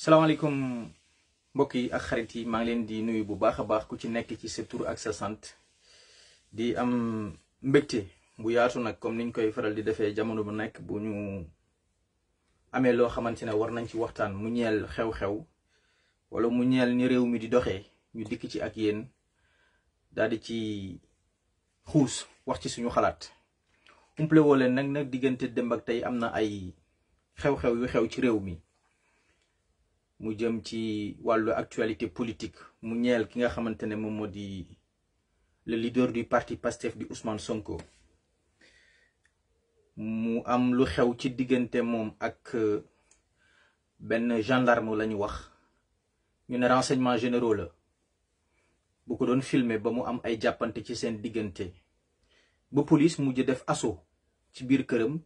salaamaaleykum mbokk yi ak xarit yi maa ngi leen di nuyu bu baax a baax ku ci nekk ci sa tur ak sa sant di am mbégte bu yaatu nag comme niñ koy faral di defee jamono bu nekk bu ñu amee loo xamante ne war nañ ci waxtaan mu ñeel xew-xew wala mu ñeel ni réew mi di doxee ñu dikk ci ak yéen daal di ci xuus wax ci suñu xalaat umple woo leen nag nag diggante démb ak tey am na ay xew-xew yu xew ci réew mi mu jëm ci wàllu actualité politique mu ñeel ki nga xamante ne moom moo di le leader du parti Pastef di Ousmane Sonko mu am lu xew ci diggante moom ak euh, benn gendarme la ñu wax ñu ne renseignement généraux la bu ko doon filmer ba mu am ay jàppante ci seen diggante ba police mujj def assaut ci biir këram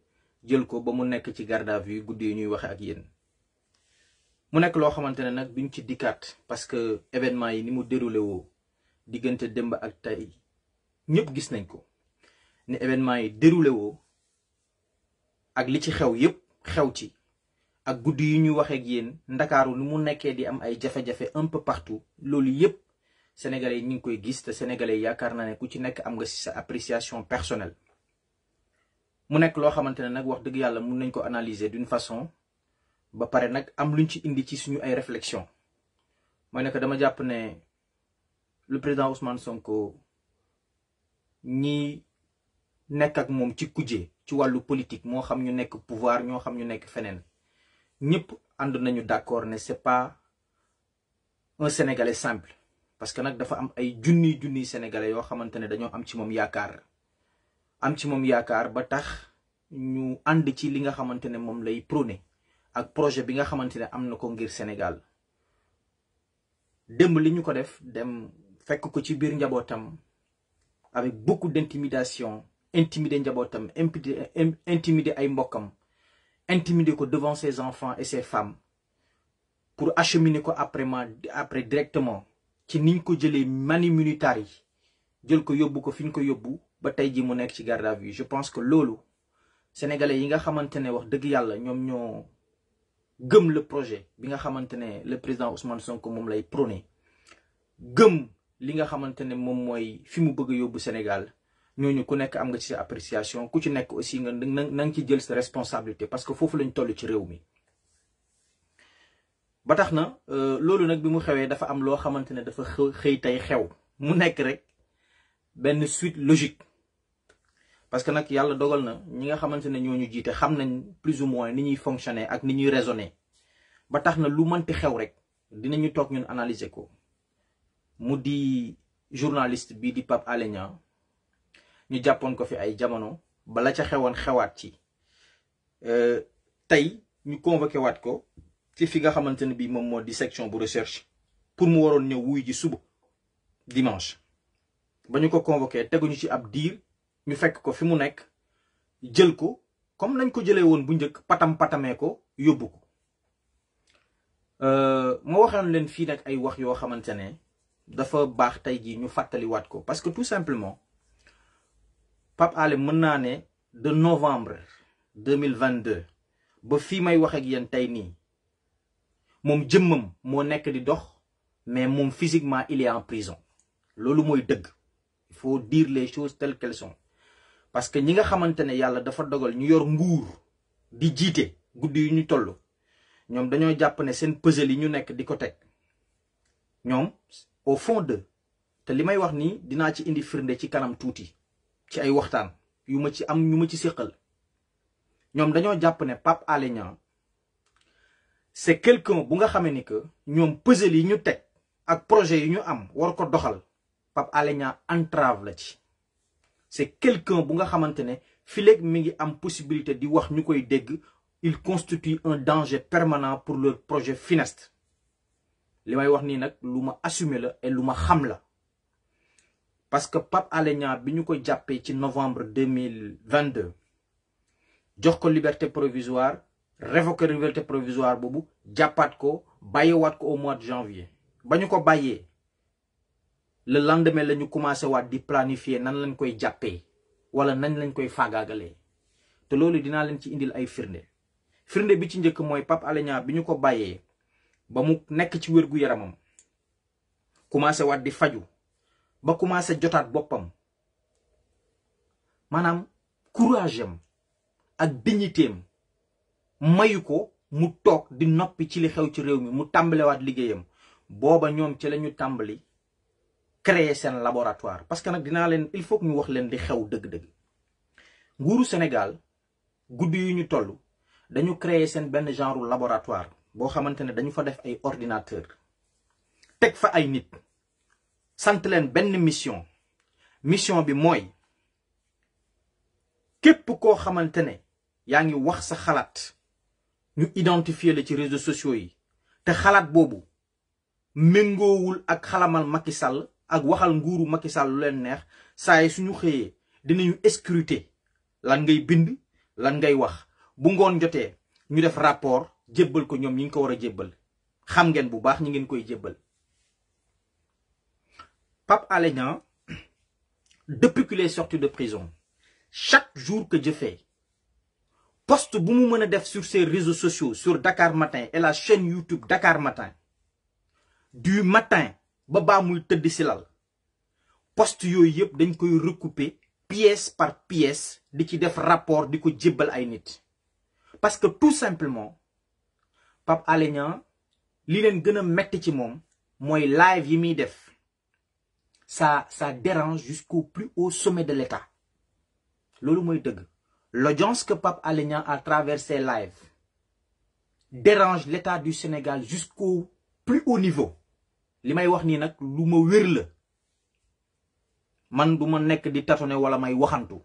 jël ko ba mu nekk ci garde à guddi yi ñuy waxe ak yéen mu nekk loo xamante ne nag duñ ci dikkaat parce que événement yi ni mu déroulé woo diggante démb ak tey ñëpp gis nañ ko ni événement yi déroulé woo ak li ci xew yëpp xew ci ak guddi yu ñu waxee ak yéen ndakaaru lu mu nekkee di am ay jafe-jafe un peu partout loolu yëpp sénégalais yi ñu ngi koy gis te sénégalais yaakaar naa ne ku ci nekk am nga si sa appréciation personnelle mu nekk loo xamante ne nag wax dëgg yàlla mun nañ ko analyser d'une façon ba pare nag am luñ ci indi ci suñu ay réflexion mooy ne dama jàpp ne le président Ousmane Sonko ñi nekk ak moom ci kujje ci wàllu politique moo xam ñu nekk pouvoir ñoo xam ñu nekk feneen ñëpp ànd nañu d'accord ne c'est pas un sénégalais simple parce que nag dafa am ay junni junniy sénégalais yoo xamante ne dañoo am ci moom yaakaar am ci moom yaakaar ba tax ñu ànd ci li nga xamante ne moom lay prôné ak projet bi nga xamante ne am na ko ngir Sénégal démb li ñu ko def dem fekk ko ci biir njabootam avec beaucoup d'intimidation intimider njabootam impide intimider ay mbokkam intimider ko devant ses enfants et ses femmes pour acheminer ko après après directement ci niñ ko jëlee mani militaire jël ko yóbbu ko fi ñu ko yóbbu ba tey ji mu nekk ci garde à vue je pense que loolu sénégalais yi nga xamante ne wax dëgg yàlla ñoom ñoo gëm le projet bi nga xamante ne le président Ousmane Sonko moom lay prôné gëm li nga xamante ne moom mooy fi mu bëgg yóbbu Sénégal ñooñu ku nekk am nga ci sa appréciation ku ci nekk aussi nga na nga ci jël sa responsabilité parce que foofu lañu tollu ci réew mi. ba tax na euh, loolu nag bi mu xewee dafa am loo xamante ne dafa xëy tey xew mu nekk rek benn suite logique parce que nag yàlla dogal na ñi nga xamante ne ñoo ñu jiite xam nañ plus ou moins ni ñuy fonctionner ak ni ñuy raisonner ba tax na lu mënti xew rek dinañu toog ñun analyser ko mu di journaliste bii di Pape Alé ñu jàppoon ko fi ay jamono bala ca xewoon xewaat ci euh, tey ñu convoqué waat ko ci fi nga xamante ne bii moom moo di section bu recherche pour mu waroon ñëw wuy ji suba dimanche ba ñu ko convoqué teguñu ci ab diir. ñu fekk ko fi mu nekk jël ko comme nañ ko jëlee woon bu njëkk patam patamee ko yóbbu ko euh, ma waxoon leen fii nag ay wax yoo xamante ne dafa baax tey jii ñu fàttaliwaat ko parce que tout simplement Pape Alé mën naa ne de novembre deux mille vingt deux ba fii may wax ak yéen tey nii moom jëmmam moo nekk di dox mais moom physiquement il est en prison loolu mooy dëgg il faut dire les choses telles qu'elles sont. parce que ñi nga xamante ne yàlla dafa dogal ñu yor nguur di jiite guddi yu ñu toll ñoom dañoo jàpp seen puzzle yi ñu nekk di ko teg ñoom au fond de te li may wax nii dinaa ci indi firnde ci kanam tuuti ci ay waxtaan yu ma ci am ñu ma ci séqal ñoom dañoo jàpp ne Pape Alé Niang c'est bu nga xamee ni que ñoom puzzle yi ñu teg ak projet yi ñu am war ko doxal Pape Alé Niang entrave la ci c'est quelqu'un bu nga xamante ne fileeg mi ngi am possibilité di wax ñu koy dégg il constitue un danger permanent pour leur projet funeste li may wax nii nag lu ma assumer la et lu ma xam la parce que Pape Alé Niang bi ñu ko jàppee ci novembre 2022 jox ko liberté provisoire révoquer liberté provisoire boobu jàppaat ko bàyyiwaat ko au mois de janvier ba ñu ko bàyyee le lendemain la ñu commencé waat di planifier nan lañ koy jàppee wala nan lañ koy faagaagalee te loolu dinaa leen ci indil ay firnde firnde bi ci njëkk mooy Pape Alé Niang bi ñu ko bàyyee ba mu nekk ci wér gu yaramam commencé waat di faju ba commencé jotaat boppam maanaam courage am ak dignité am mayu ko mu toog di noppi ci li xew ci réew mi mu tàmbalewaat liggéeyam booba ñoom ci la ñu tàmbali. créer seen laboratoire parce que nag dinaa leen il faut que ñu wax leen di xew dëgg-dëgg nguuru Sénégal guddi yu ñu toll dañu créer seen benn genre laboratoire boo xamante ne dañu fa def ay ordinateur teg fa ay nit sant leen benn mission mission bi mooy képp koo xamante ne yaa ngi wax sa xalaat ñu identifier la ci réseaux sociaux yi te xalaat boobu méngoowul ak xalamal Macky Sall ak waxal nguuru Macky Sall lu leen neex saa yi suñu xëyee dinañu scruter lan ngay bind lan ngay wax bu ngoon jotee ñu def rapport jébbal ko ñoom ñi ngi ko war a jébbal xam ngeen bu baax ñi ngeen koy jébbal Pape Alé Niang depuis qu'il sorti de prison chaque jour que jëfee fais poste bu mu mën a def sur ses réseaux sociaux sur Dakar Matin et la chaîne YouTube Dakar Matin du matin ba baamul muy tëdd si lal poste yooyu yëpp dañ koy recouper pièce par pièce di ci def rapport di ko jébbal ay nit parce que tout simplement Pape Alé Niang li leen gën a metti ci moom mooy live yi muy def sa sa dérange jusqu'au plus haut sommet de l'État loolu mooy dëgg l'audience que Pape Alé à a traversé live dérange l'État du Sénégal jusqu'au plus haut niveau li may wax nii nag lu ma wér la man du ma nekk di ne wala may waxantu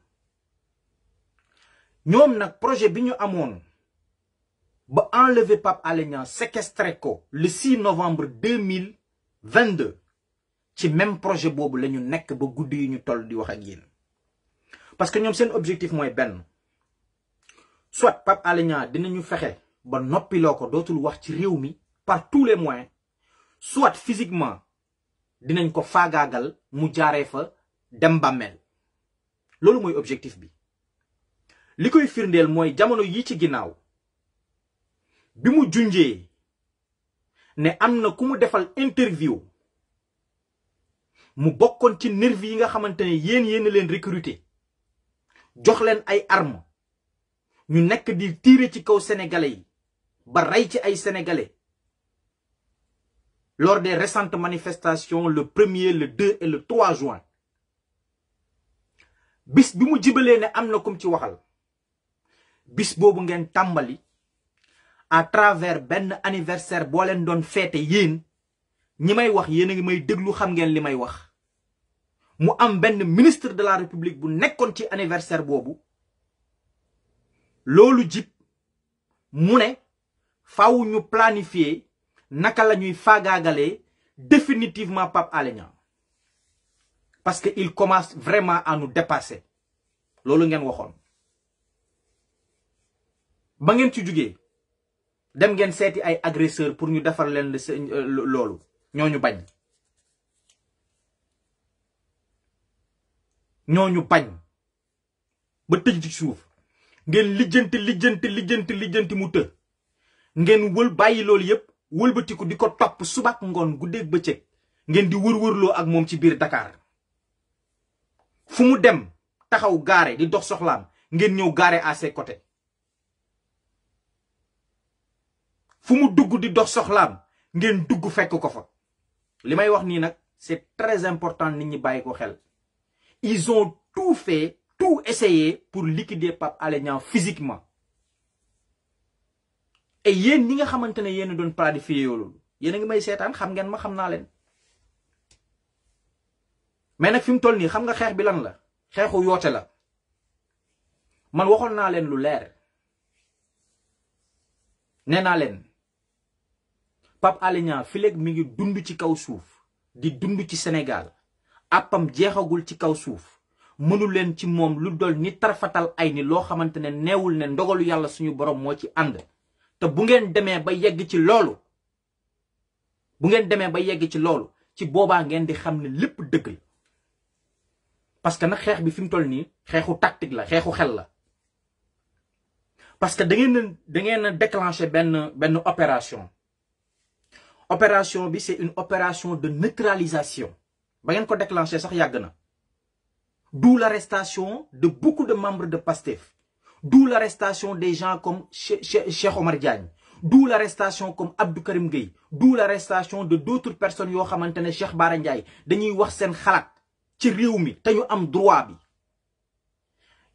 ñoom nag projet bi ñu amoon ba enlever Pape Alé Niang séquestré ko le 6 novembre 2022 ci même projet boobu la ñu nekk ba guddi yi ñu toll di wax ak yéen parce que ñoom seen objectif mooy benn soit Pape Alé Niang dinañu fexe ba noppiloo ko dootul wax ci réew mi par tous les moyens soit physiquement dinañ ko faagaagal mu jaaree fa dem bàmmeel loolu mooy objectif bi li koy firndeel mooy jamono yi ci ginnaaw bi mu junjee ne am na ku mu defal interview mu bokkoon ci nervi yi nga xamante ne yéen yéen leen recruter jox leen ay armes ñu nekk di tirer ci kaw sénégalais yi ba rey ci ay sénégalais lors des récentes manifestation le premier le deux et le trois juin bis bi mu jibalee ne am na kum ci waxal bis boobu ngeen tàmbali à travers benn anniversaire boo leen doon feete yéen ñi may wax yéen a ngi may déglu xam ngeen li may wax mu am benn ministre de la république bu nekkoon ci anniversaire boobu loolu jib mu ne faw ñu planifier naka la ñuy faagaagalee définitivement Pape Alé Niang parce que il commence vraiment à nous dépasser loolu ngeen waxoon ba ngeen ci jugee dem ngeen seeti ay agresseur pour ñu defar leen euh, loolu ñoo ñu bañ ñooñu bañ ba tëj ci suuf ngeen lijjanti lijjanti lijjanti lijjanti mu të ngeen wël bàyyi loolu yépp wëlbatiku di ko topp subaak ngoon guddeeg bëccëg ngeen di wër-wërloo ak moom ci biir dakaar fu mu dem taxaw gaare di dox soxlaam ngeen ñëw gaare à ses côtés fu mu dugg di dox soxlaam ngeen dugg fekk ko fa li may wax nii nag c'est très important ni ñi bàyyi xel ils ont tout fait tout essayé pour liquider Pape Alé Niang physiquement et yéen ñi nga xamante ne yéen doon planifié loolu yéen a ngi may seetaan xam ngeen ma xam naa leen mais nag fi mu toll nii xam nga xeex bi lan la xeexu yoote la man waxoon naa leen lu leer nee naa leen Pape Alé Niang fileeg mi ngi dund ci kaw suuf di dund ci Sénégal àppam jeexagul ci kaw suuf mënu leen ci moom lu dool ni tarfatal ay ni loo xamante ne neewul ne ndogalu yàlla suñu borom moo ci ànd te bu ngeen demee ba yegg ci loolu bu ngeen demee ba yegg ci loolu ci boobaa ngeen di xam ne lépp dëgg la parce que nag xeex bi fi mu toll nii xeexu tactique la xeexu xel la parce que da ngeen na da ngeen na déclenché benn benn opération opération bi c'est une opération de neutralisation ba ngeen ko déclenché sax yàgg na d'où l'arrestation de beaucoup de membre de PASTEF d'où l'arrestation des gens comme Cheikh Omar Diagne d'où l'arrestation comme Abdou Karim Gueye d'où l'arrestation de d'autres personnes yoo xamante ne Cheikh Bara Ndiaye dañuy wax seen xalaat ci réew mi te ñu am droit bi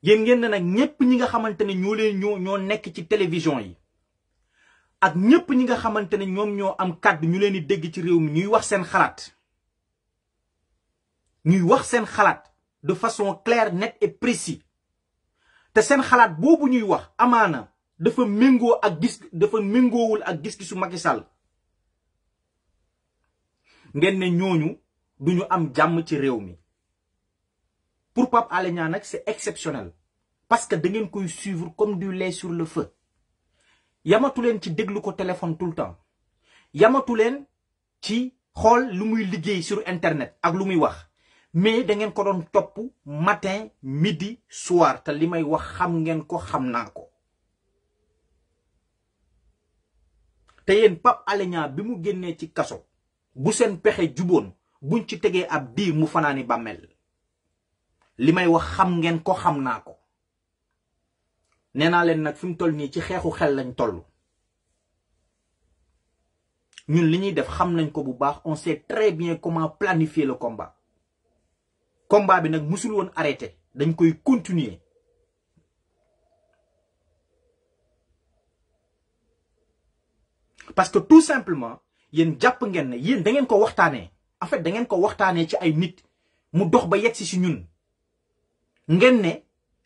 yéen ngeen ne nag ñépp ñi nga xamante ne ñoo leen ñoo ñoo nekk ci télévision yi ak ñépp ñi nga xamante ne ñoom ñoo am kàddu ñu leen di dégg ci réew mi ñuy wax seen xalaat ñuy wax seen xalaat de façon claire nette et précise te seen xalaat boobu ñuy wax amaana dafa méngoo ak gis dafa méngoowul ak gis-gisu Macky Sall ngeen ne ñooñu ñu am jàmm ci réew mi pour Pape Alé Niang nag c'est exceptionnel parce que da ngeen koy suivre comme du lait sur le feu yamatu leen ci déglu ko téléphone tout le temps yamatu leen ci xool lu muy liggéey sur internet ak lu muy wax mais da ngeen ko doon topp matin midi soir te li may wax xam ngeen ko xam naa ko te yéen Pape Alé bi mu génnee ci kaso bu seen pexe juboon buñ ci tegee ab diir mu fanaani bàmmeel li may wax xam ngeen ko xam naa ko nee naa leen nag fi mu toll nii ci xeexu xel lañ toll ñun li ñuy def xam nañ ko bu baax on sait très bien comment planifier la combat combat bi nag musul woon arrêté dañ koy continuer parce que tout simplement yéen jàpp ngeen ne yéen da ngeen ko waxtaanee en fait da ngeen ko waxtaanee ci ay nit mu dox ba yegsi si ñun ngeen ne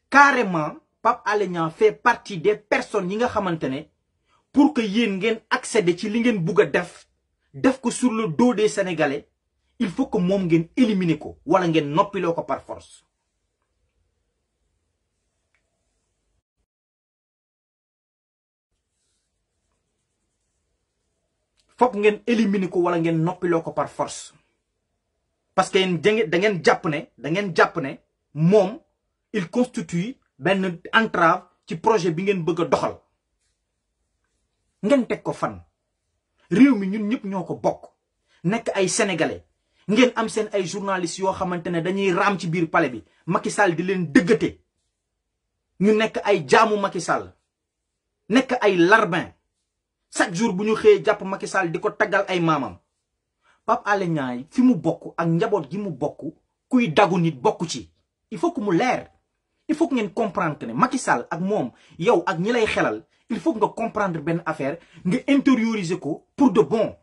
carrément Pape Alé Niang fait partie des personnes yi nga xamante ne pour que yéen ngeen accéder ci li ngeen bugg a def def ko sur le dos des Sénégalais il faut que moom ngeen éliminer ko wala ngeen noppiloo ko par force ngeen éliminer ko wala ngeen noppiloo ko par parce que yéen da ngeen jàpp da ngeen jàpp ne moom il constitue benn entrave ci projet bi ngeen bëgg a doxal ngeen teg ko fan réew mi ñun ñëpp ñoo ko bokk nekk ay sénégalais ngeen am seen ay journalistes yoo xamante ne dañuy raam ci biir pale bi Macky Sall di leen dëggate ñu nekk ay jaamu Macky Sall nekk ay larbin chaque jour bu ñu xëyee jàpp Macky Sall di ko taggal ay maamam Pape Alé Niang fi mu bokk ak njaboot gi mu bokk kuy dagu nit bokk ci il faut que mu leer il faut que ngeen comprendre que ne Macky Sall ak moom yow ak ñi xelal il faut nga comprendre benn affaire nga intérioriser ko pour de bon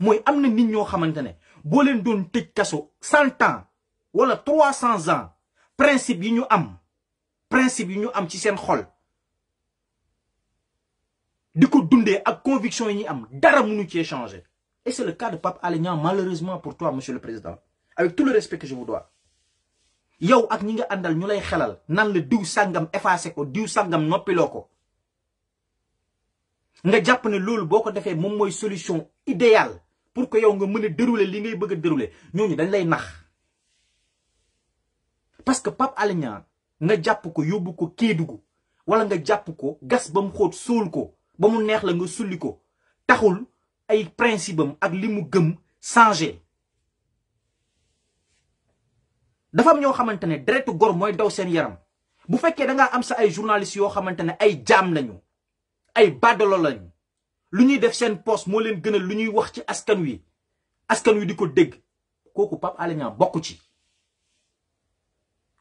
mooy am na nit ñoo xamante ne boo leen doon tëj kaso cent ans wala trois cents ans principe yi ñu am principe yi ñu am ci seen xol di ko dundee ak conviction yi ñu am dara mënu cee changer et c'est le cas de Pape Alé Niang malheureusement pour toi monsieur le président avec tout le respect que je vous dois yow ak ñi nga àndal ñu lay xelal nan la diw sàngam effacé ko diw sangam noppiloo ko nga jàpp ne loolu boo ko defee moom mooy solution idéale pour que yow nga mën a dérouler li ngay bëgg a dérouler ñooñu dañ lay nax parce que Pape Alé nga jàpp ko yóbbu ko Kédougou wala nga jàpp ko gas ba mu xóot suul ko ba mu neex la nga sulli ko taxul ay principe am ak li mu gëm changé dafa am ñoo xamante ne deretu góor mooy daw seen yaram bu fekkee da ngaa am sa ay journalistes yoo xamante ne ay jaam lañu ay badolo lañu lu ñuy def seen poste moo leen gënal lu ñuy wax ci askan wi askan wi di ko dégg kooku Pape Alé Niang bokk ci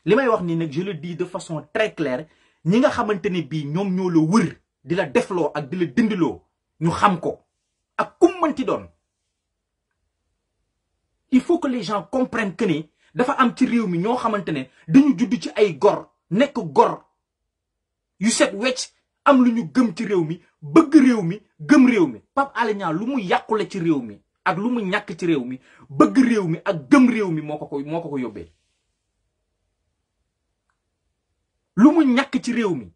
li may wax nii nag je le dis de façon très claire ñi nga xamante ne bii ñoom ñoo la wër di la defloo ak di la dindiloo ñu xam ko ak kum mënti doon il faut que les gens comprennent que ni dafa am ci réew mi ñoo xamante ne dañu judd ci ay gor nekk gor yu set wecc am lu ñu gëm ci réew mi bëgg réew mi gëm réew mi Pape Alé lu mu yàqule ci réew mi ak lu mu ñàkk ci réew mi bëgg réew mi ak gëm réew mi moo ko ko moo ko ko yóbbee lu mu ñàkk ci réew mi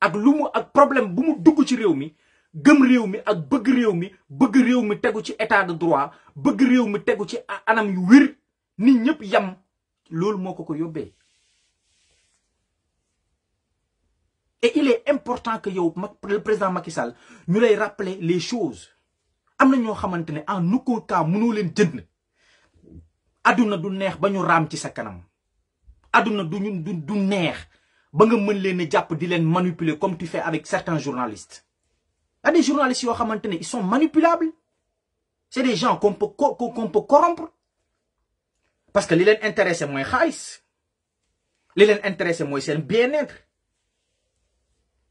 ak lu mu ak problème bu mu dugg ci réew mi gëm réew mi ak bëgg réew mi bëgg réew mi tegu ci etat de droit bëgg réew mi tegu ci anam yu wér nit ñëpp yam loolu moo ko ko yóbbee et il est important que yow le président Macky Sall ñu lay rappeler les choses am na ñoo xamante ne en aucun cas mënoo leen jënd adduna du neex ba ñu raam ci sa kanam adduna du ñu du neex ba nga mën leen a jàpp di leen manipuler comme tu fais avec certains journalistes y journalistes yoo xamante ne ils sont manipulables c'est des gens qu'on peut qu'on corrompre parce que li leen intéressé mooy xaalis li leen intéressé mooy seen bien-être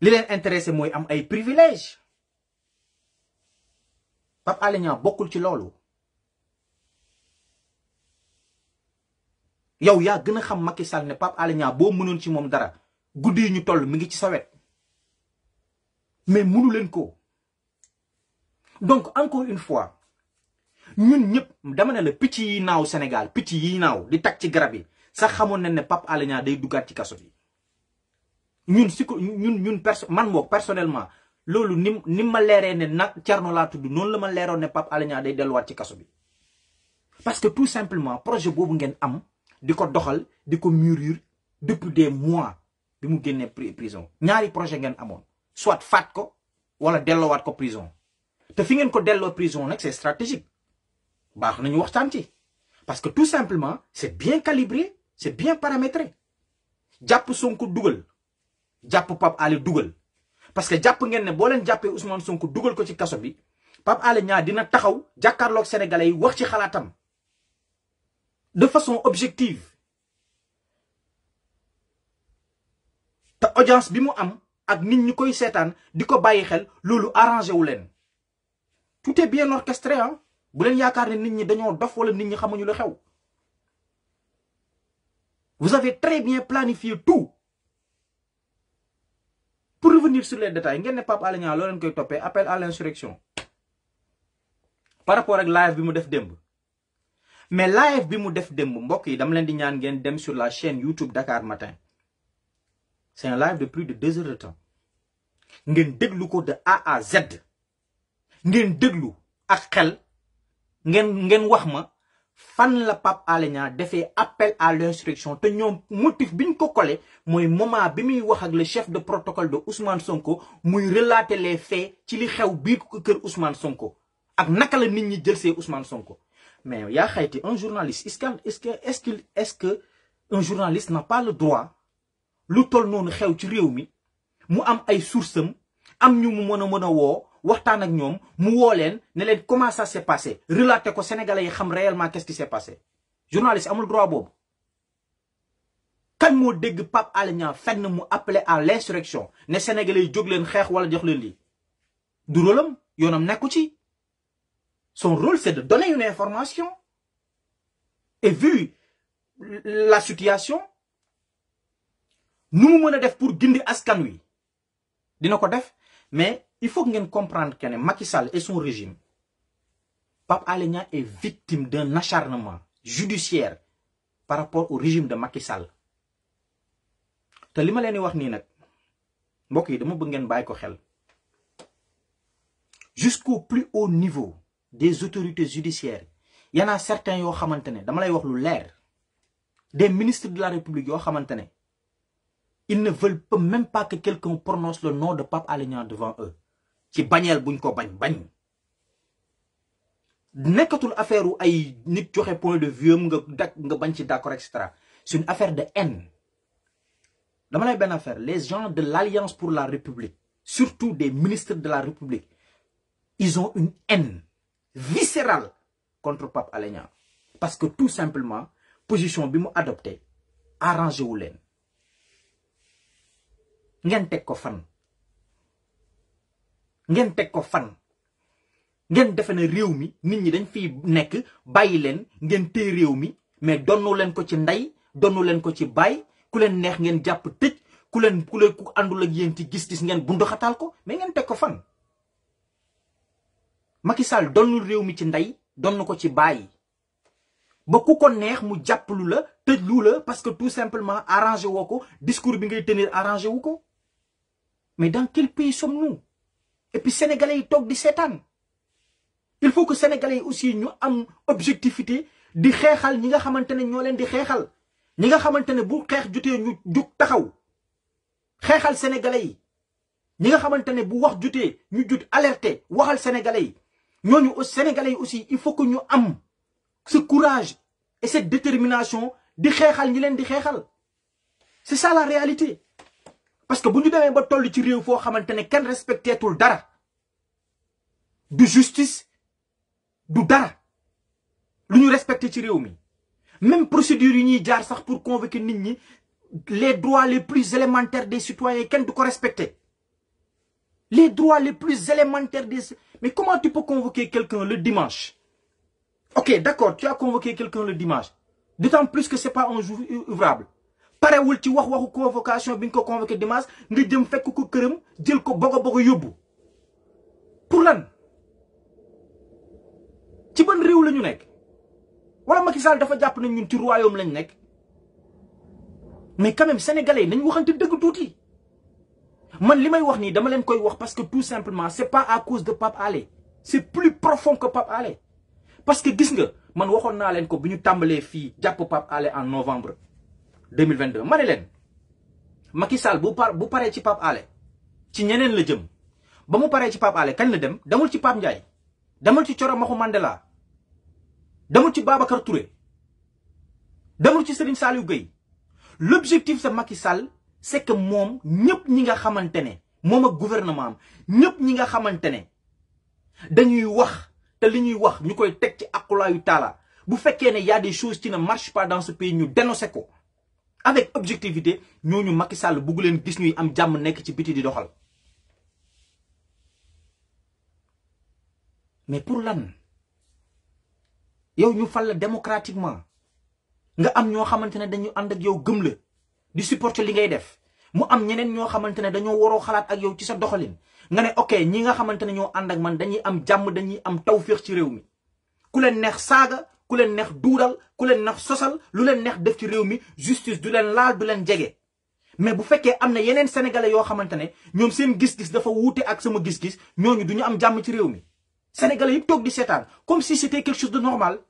li leen intéressé mooy am ay privilèges Pape Alé Niang bokkul ci loolu yow yaa gën a xam Macky Sall ne Pape Alé boo mënoon ci moom dara guddi yi ñu toll mi ngi ci sawet mais mënu leen ko donc encore une fois ñun ñëpp dama ne la picc yi naaw Sénégal picc yi naaw di tag ci garab yi sax xamoon nañ ne papp Alé Niang day duggaat ci kaso yi ñun si ko ñun ñun perso man boog personnellement loolu ni ni ma leeree ne nag Thierno laa tudd noonu la ma leeroon ne Pape Alé Niang day delluwaat ci kaso bi. parce que tout simplement projet boobu ngeen am di ko doxal di ko mûrir depuis des mois bi mu génnee prison ñaari projet ngeen amoon soit faat ko wala delloowaat ko prison. te fi ngeen ko delloo prison nag c'est stratégique baax nañu waxtaan ci parce que tout simplement c'est bien calibré c'est bien paramétré jàpp Sonko dugal. jàpp Pape Alé dugal parce que jàpp ngeen ne boo leen jàppee Ousmane Sonko dugal ko ci kaso bi Pape Alé Niang dina taxaw jàkkaarloog sénégalais yi wax ci xalaatam de façon objective te audience bi mu am ak nit ñi koy seetaan di ko bàyyi xel loolu arrangé wu leen tout est bien orchestré bu leen yaakaar ne nit ñi dañoo dof wala nit ñi xamuñu lu xew vous avez très bien planifié tout pour revenir sur les détails ngeen ne Pape Alé Niang loo leen koy toppee appel à l'insurrection par rapport ak live bi mu def démb mais live bi mu def demb mbokk yi dama leen di ñaan ngeen dem sur la chaîne YouTube Dakar Matin c'est un live de plus de deux heures de temps ngeen déglu ko de A à Z ngeen déglu ak xel ngeen ngeen wax ma fan la Pape Alé defee appel à l'instruction te ñoom motif bi ñu ko collé mooy moment bi muy wax ak le chef de protocole de Ousmane Sonko muy relater les faits ci li xew biir kër Ousmane Sonko ak naka la nit ñi jël see Ousmane Sonko mais yaa xayti un journaliste est-ce que est-ce que est-ce que un journaliste n'a pas le droit lu toll noonu xew ci réew mi mu am ay sources am ñu mu mën a mën a woo. waxtaan ak ñoom mu woo leen ne leen comment ça s'est passé relaté ko sénégalais yi xam réellement qu'est-ce qui s'est passé journaliste amul droit boobu kañ moo dégg Pape Alé Niang na mu appelé à l'insurrection ne sénégalais yi jóg leen xeex wala jox leen lii du rôlam yoonam nekku ci son rôle c'est de donner une information et vu la situation nu mu mën a def pour gindi askan wi dina ko def mais il faut ngeen comprendre que ne Macky Sall et son régime Pape Alé Niang est victime d'un acharnement judiciaire par rapport au régime de Macky Sall te li ma leen wax nii nag mbokk yi dama bëgg ngeen bàyyi ko xel jusqu'au plus haut niveau des autorités judiciaires y en certains yoo xamante ne dama lay wax lu leer des ministres de la République yoo xamante ne ils ne veulent même pas que quelqu'un prononce le nom de Pape Alé devant eux ci bañeel buñ ko bañ bañ nekkatul affaire u ay nit joxe point de vue am nga dak nga bañ ci d'accord et cetera c'est une affaire de haine dama lay benn affaire les gens de l'alliance pour la république surtout des ministres de la république ils ont une haine viscérale contre Pape Alé parce que tout simplement position bi mu adopté arrangé wu leen ngeen ko fan ngeen teg ko fan ngeen defe ne réew mi nit ñi dañ fiy nekk bàyyi leen ngeen téye réew mi mais doon donnu leen ko ci ndey donnu leen ko ci bàyyi ku leen neex ngeen jàpp tëj ku leen ku leen ku àndul ak yéen ci gis-gis ngeen bunduxataal ko mais ngeen teg ko fan. Macky Sall donnul réew mi ci ndey donnu ko ci bàyyi ba ku ko neex mu jàpp lu la tëj lu la parce que tout simplement arrangé woo ko discours bi ngay tenir arrangé wu ko mais dan quel pays et puis sénégalais yi toog di seetaan il faut que sénégalais yi aussi ñu am objectifité di xeexal ñi nga xamante ne ñoo leen di xeexal ñi nga xamante ne bu xeex jutee ñu jug taxaw xeexal sénégalais yi ñi nga xamante ne bu wax jutee ñu jut alerté waxal sénégalais yi ñooñu au yi aussi il faut que ñu am ce courage et cette détermination di xeexal ñi leen di xeexal c'est ça la réalité parce que bu ñu demee ba toll ci réew foo xamante ne kenn respecteetul dara du justice du dara lu ñu respecter ci réew mi même procédure yi ñuy jaar sax pour convaincre nit ñi les droits les plus élémentaires des citoyens kenn du ko respecté les droits les plus élémentaires des mais comment tu peux convoquer quelqu'un le dimanche ok d'accord tu as convoqué quelqu'un le dimanche d'autant plus que c'est pas un jour ouvrable parewul ci wax waxu convocation bi ñu ko convoqué dimanche nga jëm fekk ko këram jël ko bogo bogo yóbbu pour lan ci ban réew la ñu nekk wala Macky Sall dafa jàpp nañ ñun ci royaume lañ nekk mais quand même sénégalais yi nañ waxante dëgg tuuti man li may wax nii dama leen koy wax parce que tout simplement c'est pas à cause de Pape Alé c'est plus profond que Pape Alé parce que gis nga man waxoon naa leen ko bi ñu tàmbalee fii jàpp Pape Alé en novembre 2022 ma ne leen Macky Sall bu bu paree ci Pape Alé ci ñeneen la jëm ba mu paree ci Pape Alé kañ la dem demul ci Pape Ndiaye demul ci Coro Maxu Mandela demul ci Babacar Touré demul ci Serigne Saliou Gueye l'objectif sa Macky Sall c'est moom ñëpp ñi nga xamante ne moom ak gouvernement am ñëpp ñi nga xamante ne dañuy wax te li ñuy wax ñu koy teg ci akulaayu taala bu fekkee ne y a des choses qui ne marchent pas dans pays ñu dénoncé ko avec objectivité ñoo ñu makki sàll bugg leen gis ñuy am jàmm nekk ci biti di doxal mais pour lan yow ñu fal la démocratiquement nga am ñoo xamante ne dañu ànd ak yow gëm di supporter li ngay def mu am ñeneen ñoo xamante ne dañoo waroo xalaat ak yow ci sa doxalin nga ne ok ñi nga xamante ne ñoo ànd ak man dañuy am jàmm dañuy am tawféex ci réew mi ku leen neex saaga ku leen neex duudal ku leen neex sosal lu leen neex def ci réew mi justice du leen laal du leen jege mais bu fekkee am na yeneen sénégalais yoo xamante ne ñoom seen gis-gis dafa wuute ak sama gis-gis ñooñu du ñu am jàmm ci réew mi sénégalais yëpp toog di seetaan comme si c'était quelque chose de normal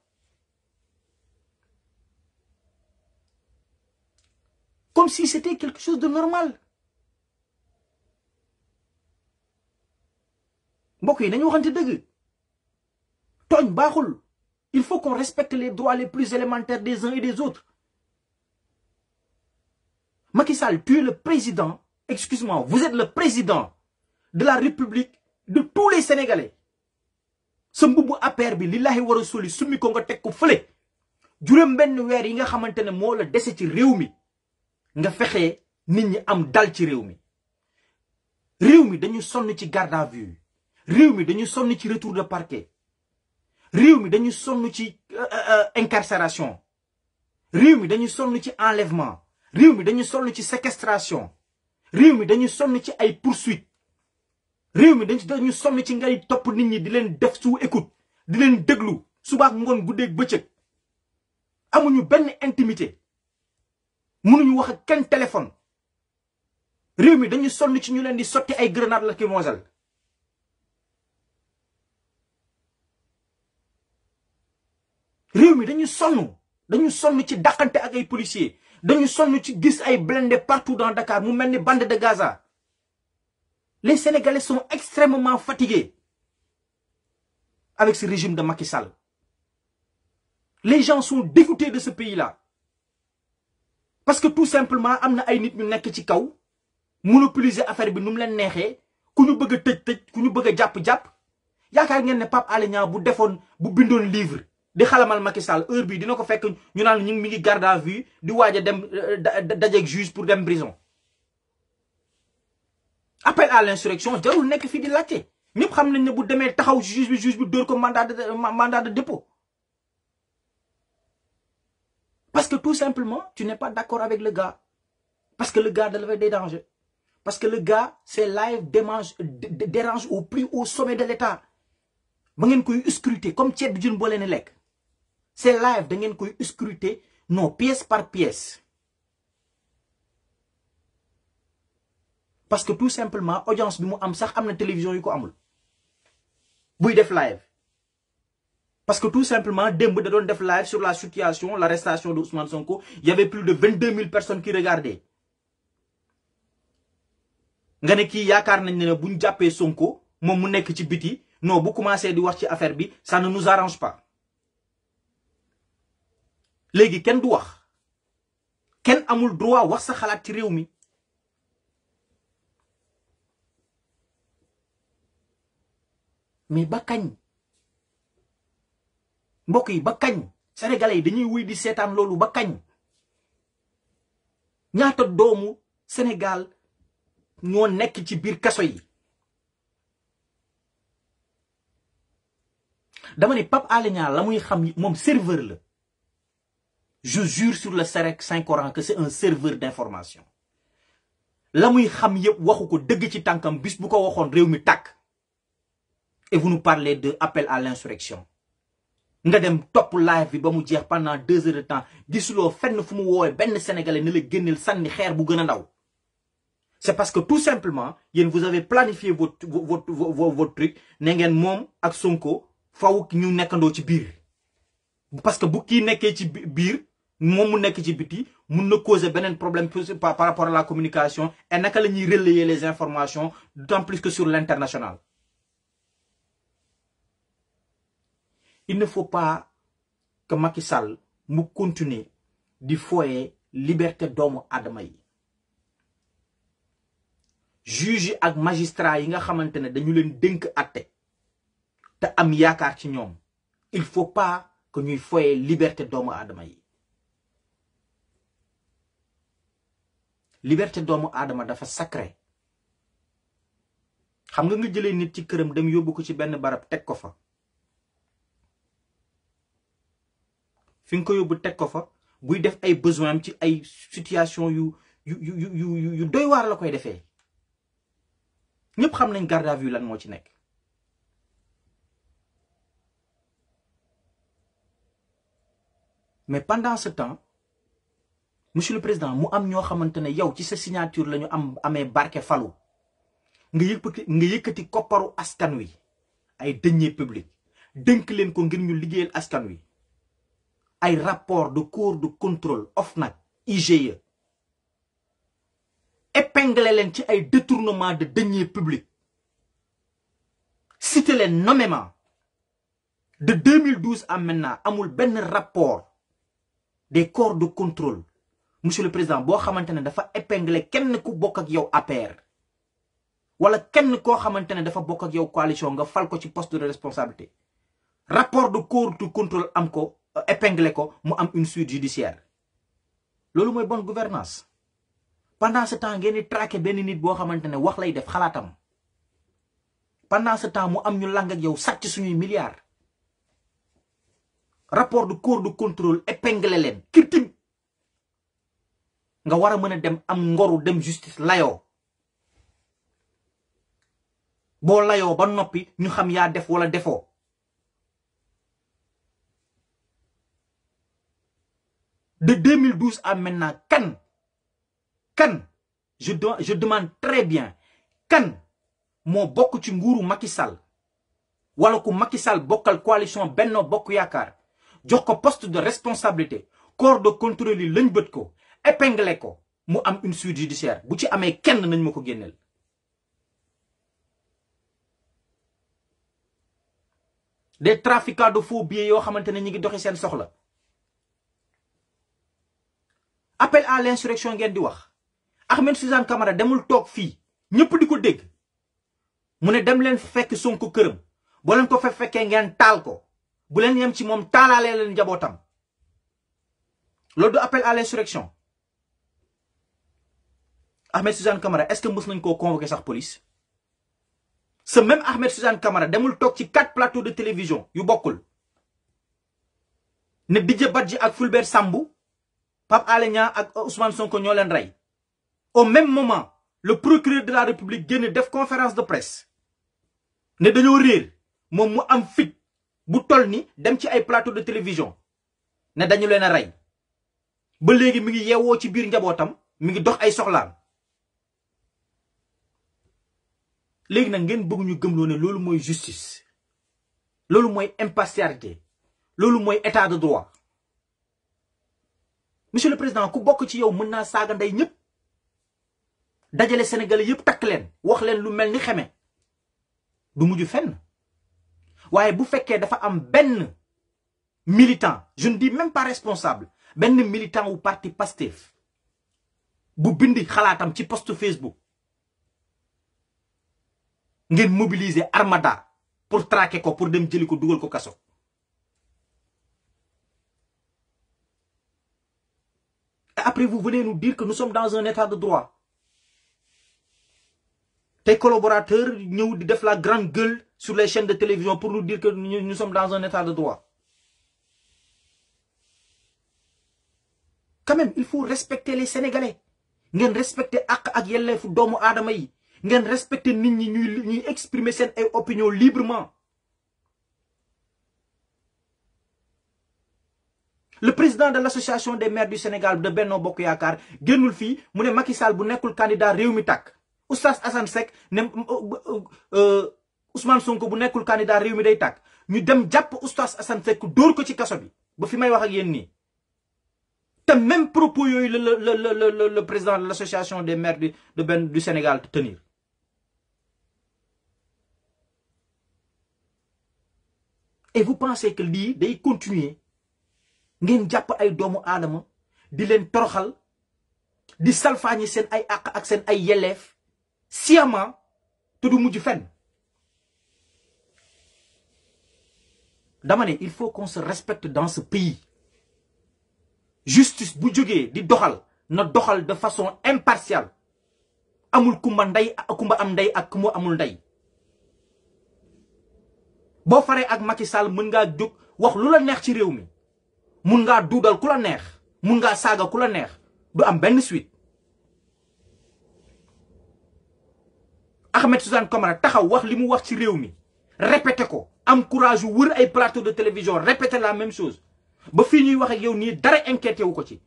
comme si c'était quelque chose de normal mbokk yi nañu waxante dëgg tooñ baaxul Il faut qu'on respecte les droits les plus élémentaires des uns et des autres. Macky Sall, tu le président, excuse-moi, vous êtes le président de la République de tous les Sénégalais. sa mbubbu affaire bi li laxi war a soli summi ko nga teg ko fële juróom benn weer yi nga xamante ne moo la dese réew mi nga fexe nit ñi am dal ci réew mi réew mi dañu sonn ci garde à vue réew mi dañu sonn ci retour de parquet réew mi dañu sonn ci euh, euh, euh, incarcération réew mi dañu sonn ci enlevement réew mi dañu sonn ci séquestration réew mi dañu sonn ci ay poursuite réew mi dañu sonn ci ngay topp nit ñi di leen def sous écoute di leen déglu subaak ngoon guddeeg bëccëg amuñu benn intimité ñu wax ak kenn téléphone réew mi dañu sonn ci ñu leen di sotti ay la grenade lacrymogène réew mi dañu sonn dañu sonn ci dàqante ak ay policiers dañu sonn ci gis ay blindés partout dans Dakar mu mel ni bande de Gaza les Sénégalais sont extrêmement fatigués avec ce régime de Macky Sall les gens sont dégoûtés de ce pays-là parce que tout simplement am na ay nit ñu nekk ci kaw monopoliser affaire bi nu mu leen neexee ku ñu bëgg tëj tëj ku ñu bëgg a jàpp jàpp yaakaar ngeen ne Pape Alé bu defoon bu bindoon livre. di xalamal Macky Sall heure bii dina ko fekk ñu naan ñu mi ngi garde à vue di waaj a dem euh, dajeeg juge pour dem prison appel à l'insurrection jarul nekk fii di laajte ñëpp xam nañ ne bu demee taxaw juge bi juge bi dóor ko mandat de mandat dépôt parce que tout simplement tu n'es pas d'accord avec le gars parce que le gars dafay des dangers parce que le gars c'est live démange dérange au plus haut sommet de l'État ba ngeen koy scruter comme ceeb bi jën boo leen lekk c'est live da ngeen koy scruter non pièce par pièce parce que tout simplement audience bi mu am sax am na télévision yu ko amul buy def live parce que tout simplement demb da doon def live sur la situation restation de Ousmane Sonko il plus de vingt-deux mille personnes qui regardaient nga ne kii yaakaar nañ ne ne bu ñu jàppee Sonko moom mu nekk ci biti noo bu commencé di wax ci affaire bi ça ne nous arrange pas léegi kenn du wax kenn amul droit wax sa xalaat ci réew mi mais ba kañ mbokk yi ba kañ sénégalais yi dañuy wuy di seetaan loolu ba kañ ñaata doomu senegal ñoo nekk ci biir kaso yi dama ne Pape Alé Niang la muy xam moom serveur la je jure sur le Saint Coran que c'est un serveur d'information la muy xam yëpp waxu ko dëgg ci tànkam bis bu ko waxoon réew mi tàkk et vous nous parlez de appel à l'insurrection nga dem topp live bi ba mu jeex pendant deux heures de temps gisuloo fenn fu mu woowee benn sénégalais ne la génneel sànni xeer bu gën a ndaw c'est parce que tout simplement yéen vous avez planifié votre votre votre truc ne ngeen moom ak Sonko faw ñu nekkandoo ci biir parce que bu kii ci biir moom mu nekk ci biti mun na causer beneen problème par rapport à la communication et naka la ñuy relayer les informations d'autant plus que sur l'international il ne faut pas que Macky Sall mu continuer di foye liberté doomu aadama yi juge ak magistrat yi nga xamante ne dañu leen dénk àtte te am yaakaar ci ñoom il faut pas que ñuy foye liberté doomu aadama yi liberté doomu aadama dafa sacré xam nga nga jëlee nit ci këram dem yóbbu ko ci benn barab teg ko fa fi nga ko yóbbu teg ko fa buy def ay besoin am ci ay situation yu yu yu yu doy waar la koy defee ñëpp xam nañ garde à vue lan moo ci nekk mais pendant ce temps monsieur le président mu am ñoo xamante ne yow ci sa signature la ñu am amee barke falu nga yëkkati nga yëkkati kopparu askan wi ay deniers publics dënk leen ko ngir ñu liggéeyal askan wi ay rapport de cour de of nag IGE épinglé leen ci ay détournement de deniers publics cité leen nommément de 2012 à maintenant amul benn rapport des corps de contrôle monsieur le président boo xamante ne dafa épinglé kenn ku bokk ak yow APR wala kenn koo xamante ne dafa bokk ak yow coalition nga fal ko ci post de responsabilité rapport du cour du contrôle am ko euh, épinglé ko mu am une suite judiciaire loolu mooy bonne gouvernance pendant ce temps ngeen di benn nit boo xamante ne wax lay def xalaatam pendant ce temps mu am ñu lang ak yow sàcc suñuy milliards rapport de cour de contrôle épinglé leen kirtim nga war a mën a dem am ngoru dem justice layoo boo layoo ba noppi ñu xam yaa def wala defoo de 2012 à maintenant kan kan je je demande très bien kan moo bokk ci nguuru Macky Sall wala ku Macky Sall bokkal coalition Benno Bokk Yaakaar jox ko post de responsabilité corps de contrôle yi lañ bët ko épinglé ko mu am une suite judiciaire bu ci amee kenn nañ ma ko génneel des trafiquants de faux yoo xamante ne ñi ngi doxi seen soxla appel à l'insurrection ngeen di wax Ahmed Suzanne Camara demul toog fii ñëpp di ko dégg mu ne dem leen fekk Sonko këram boo leen ko fa fekkee ngeen taal ko bu leen yem ci moom taalaale leen njabootam loolu du appel à l'insurrection Ahmed Suzanne Camara est-ce que mës nañ koo convoqué sax police ce même Ahmed Suzanne Camara demul toog ci quatre plateaux de télévision yu bokkul ne Didier ji ak Fulbert Sambou Pape Alé Niang ak Ousmane Sonko ñoo leen rey au même moment le procureur de la République génn def conférence de presse ne dañoo réer moom mu am fit bu toll ni dem ci ay plateau de télévision ne dañu leen a rey ba léegi mi ngi yeewoo ci biir njabootam mi ngi dox ay soxlaan léegi nag ngeen bëgg ñu gëmloo ne loolu mooy justice loolu mooy impartialité loolu mooy état de droit monsieur le président ku bokk ci yow mën naa saaga ndey ñëpp dajale sénégalais yëpp takk leen wax leen lu mel ni xeme du mujj fenn waaye bu fekkee dafa am benn militant jeune di même pas responsable benn militant wu parti Pastef bu bindi xalaatam ci post Facebook ngeen mobiliser armada pour traquer ko pour dem jëli ko dugal ko kaso après vous venez nous dire que nous sommes dans un état de droit tes collaborateurs ñëw di def la grande gueule sur les chaînes de télévision pour nous dire que nous sommes dans un état de droit quand même il faut respecter les sénégalais ngeen respecter àq ak yelleefu doomu aadama yi ngeen respecte nit ñi ñuy ñuy exprimer seen ay opinion librement le président de l'association des maires du Sénégal de Benno Bokk Yaakaar génnul fii mu ne Macky Sall bu nekkul candidat réew mi tàkk Oustaz Assane Seck ne euh, Ousmane Sonko bu nekkul candidat réew mi day tàkk ñu dem jàpp Oustaz Assane Seck dóor ko ci kaso bi ba fi may wax ak yéen nii te même propos yooyu le le le le le président de l'association des maires du de benn du Sénégal tenir et vous pensez que lii day continuer ngeen jàpp ay doomu aadama di leen toroxal di salfaañi seen ay àq ak seen ay yelleef sciemment te du mujj fenn dama ne il faut qu'on se respecte dans ce pays justice bu jógee di doxal na doxal de façon impartiale amul kumba ndey kumba am nday ak kumba amul ndey boo faree ak Macky Sall mën ngaa jóg wax lu la neex ci réew mi mun ngaa duudal ku la neex mun ngaa saaga ku la neex du am benn suite. Ahmed Suzanne Camara taxaw wax li mu wax ci réew mi répété ko am courage yu wër ay plateau de télévision répété la même chose ba fii ñuy wax ak yow nii dara inquiété wu ko ci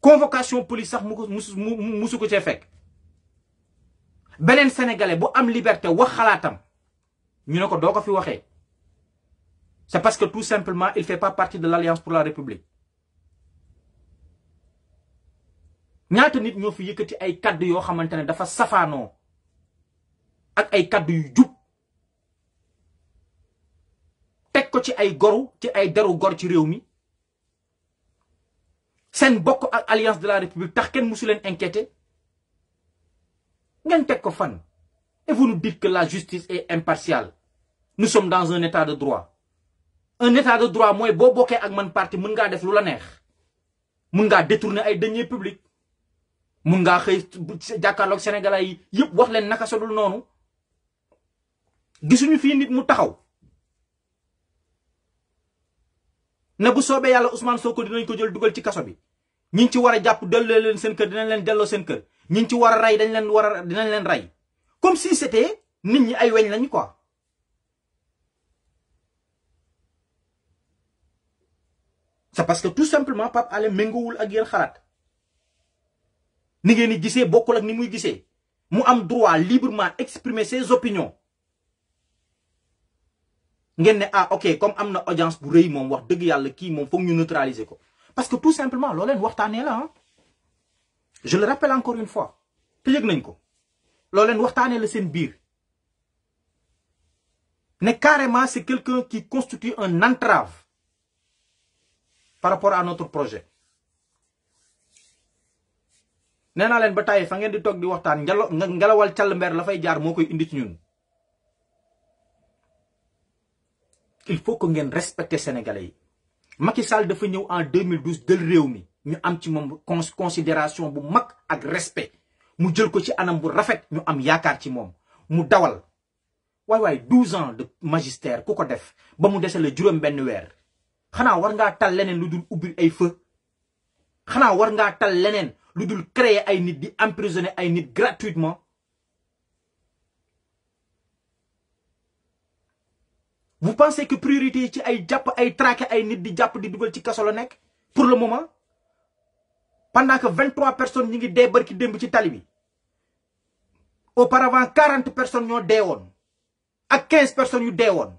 convocation police sax mu ko mu musu ko cee fekk beneen sénégalais bu am liberté wax xalaatam ñu ne ko doo ko fi waxee. C'est parce que tout simplement, il ne fait pas partie de l'Alliance pour la République. ñaata nit ñoo fi yëkkati ay kaddu yoo xamante ne dafa safaanoo ak ay kaddu yu jub teg ko ci ay goru ci ay deru gor ci réew mi seen bokk ak alliance de la république tax kenn musu leen inquiété ngeen teg ko fan et vous nous la justice est impartiale nous sommes dans un état de droit un état droit mooy boo bokkee ak man parti mën ngaa def lu la neex mun ngaa détourner ay deniers publics mun ngaa xëy jàkkaarloog sénégalais yi yëpp wax leen naka sodul noonu gisuñu fii nit mu taxaw na bu soobee yàlla soo ko dinañ ko jël dugal ci kaso bi ñi ci war a jàpp delloo leen seen kër dinañ leen delloo seen kër ñi ci war a rey dañ leen war a dinañ leen rey comme si setee nit ñi ay weñ lañu quoi. c'est parce que tout simplement par Alé méngoowul a yéen xalaat ni ngeen di gisee bokkul ak ni muy gisee mu am droit librement exprimer ses opinions ngeen ne ah ok comme am na audience bu rëy moom wax dëgg yàlla kii moom foog ñu neutraliser ko parce que tout simplement loo leen waxtaanee la ah je le rappelle encore une fois te yëg nañ ko loo leen waxtaanee la seen biir ne carrément c'est quelqu'un qui constitue un entrave par rapport à notre projet nee naa leen ba tàyyi fa ngeen di toog di waxtaan ngelaw ngelawal càll mbeer la jaar moo koy indi ci ñun il faut que ngeen respecter sénégalais yi Macky Sall dafa ñëw en 2012 dël réew mi ñu am ci moom considération bu mag ak respect mu jël ko ci anam bu rafet ñu am yaakaar ci moom mu dawal waay waay 12 ans de magistère ku ko def ba mu dese la juróom benn weer xanaa war ngaa tal leneen lu dul ubbil ay feu xanaa war ngaa tal leneen lu dul créer ay nit di emprisonner ay nit gratuitement vous pensez que priorité yi ci ay jàpp ay traquer ay nit di jàpp di dugal ci kaso la nekk pour le moment pendant que vingt trois personnes ñi ngi dee barki démb ci tali bi auparavant quarante personnes ñoo dee woon ak quinze personnes yu dee woon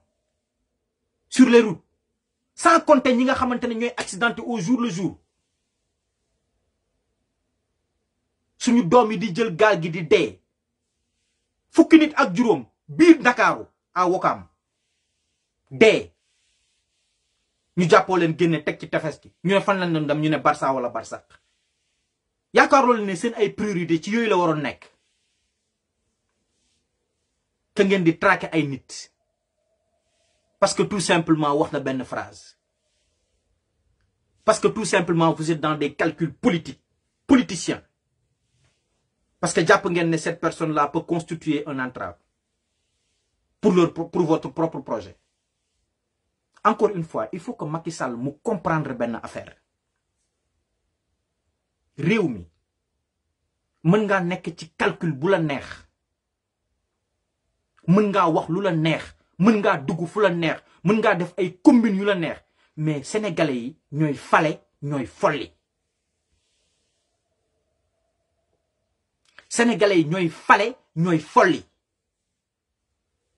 sur les routes saa compter ñi nga xamante ne ñooy accidenté au jour le jour suñu doom yi di jël gaal gi di dee fukki nit ak juróom biir ndakaaru à Wakaam dee ñu jàppoo leen génne teg ci tefes gi ñu ne fan la doon dem ñu ne Barça wala Barsaq yaakaaroo leen ne seen ay priorité ci yooyu la waroon nekk te ngeen di traquer ay nit parce que tout simplement wax na benn phrase parce que tout simplement vous êtes dans des calculs politiques politiciens parce que jàpp ngeen ne cette personne là peut constituer un entrave pour leur pour votre propre projet encore une fois il faut que Macky Sall mu comprendre benn affaire réew mi mën ngaa nekk ci calcul bu la neex mën ngaa wax lu la neex mën ngaa dugg fu la neex mën ngaa def ay combine yu la neex mais sénégalais yi ñooy fale ñooy folli sénégalais yi ñooy fale ñooy folli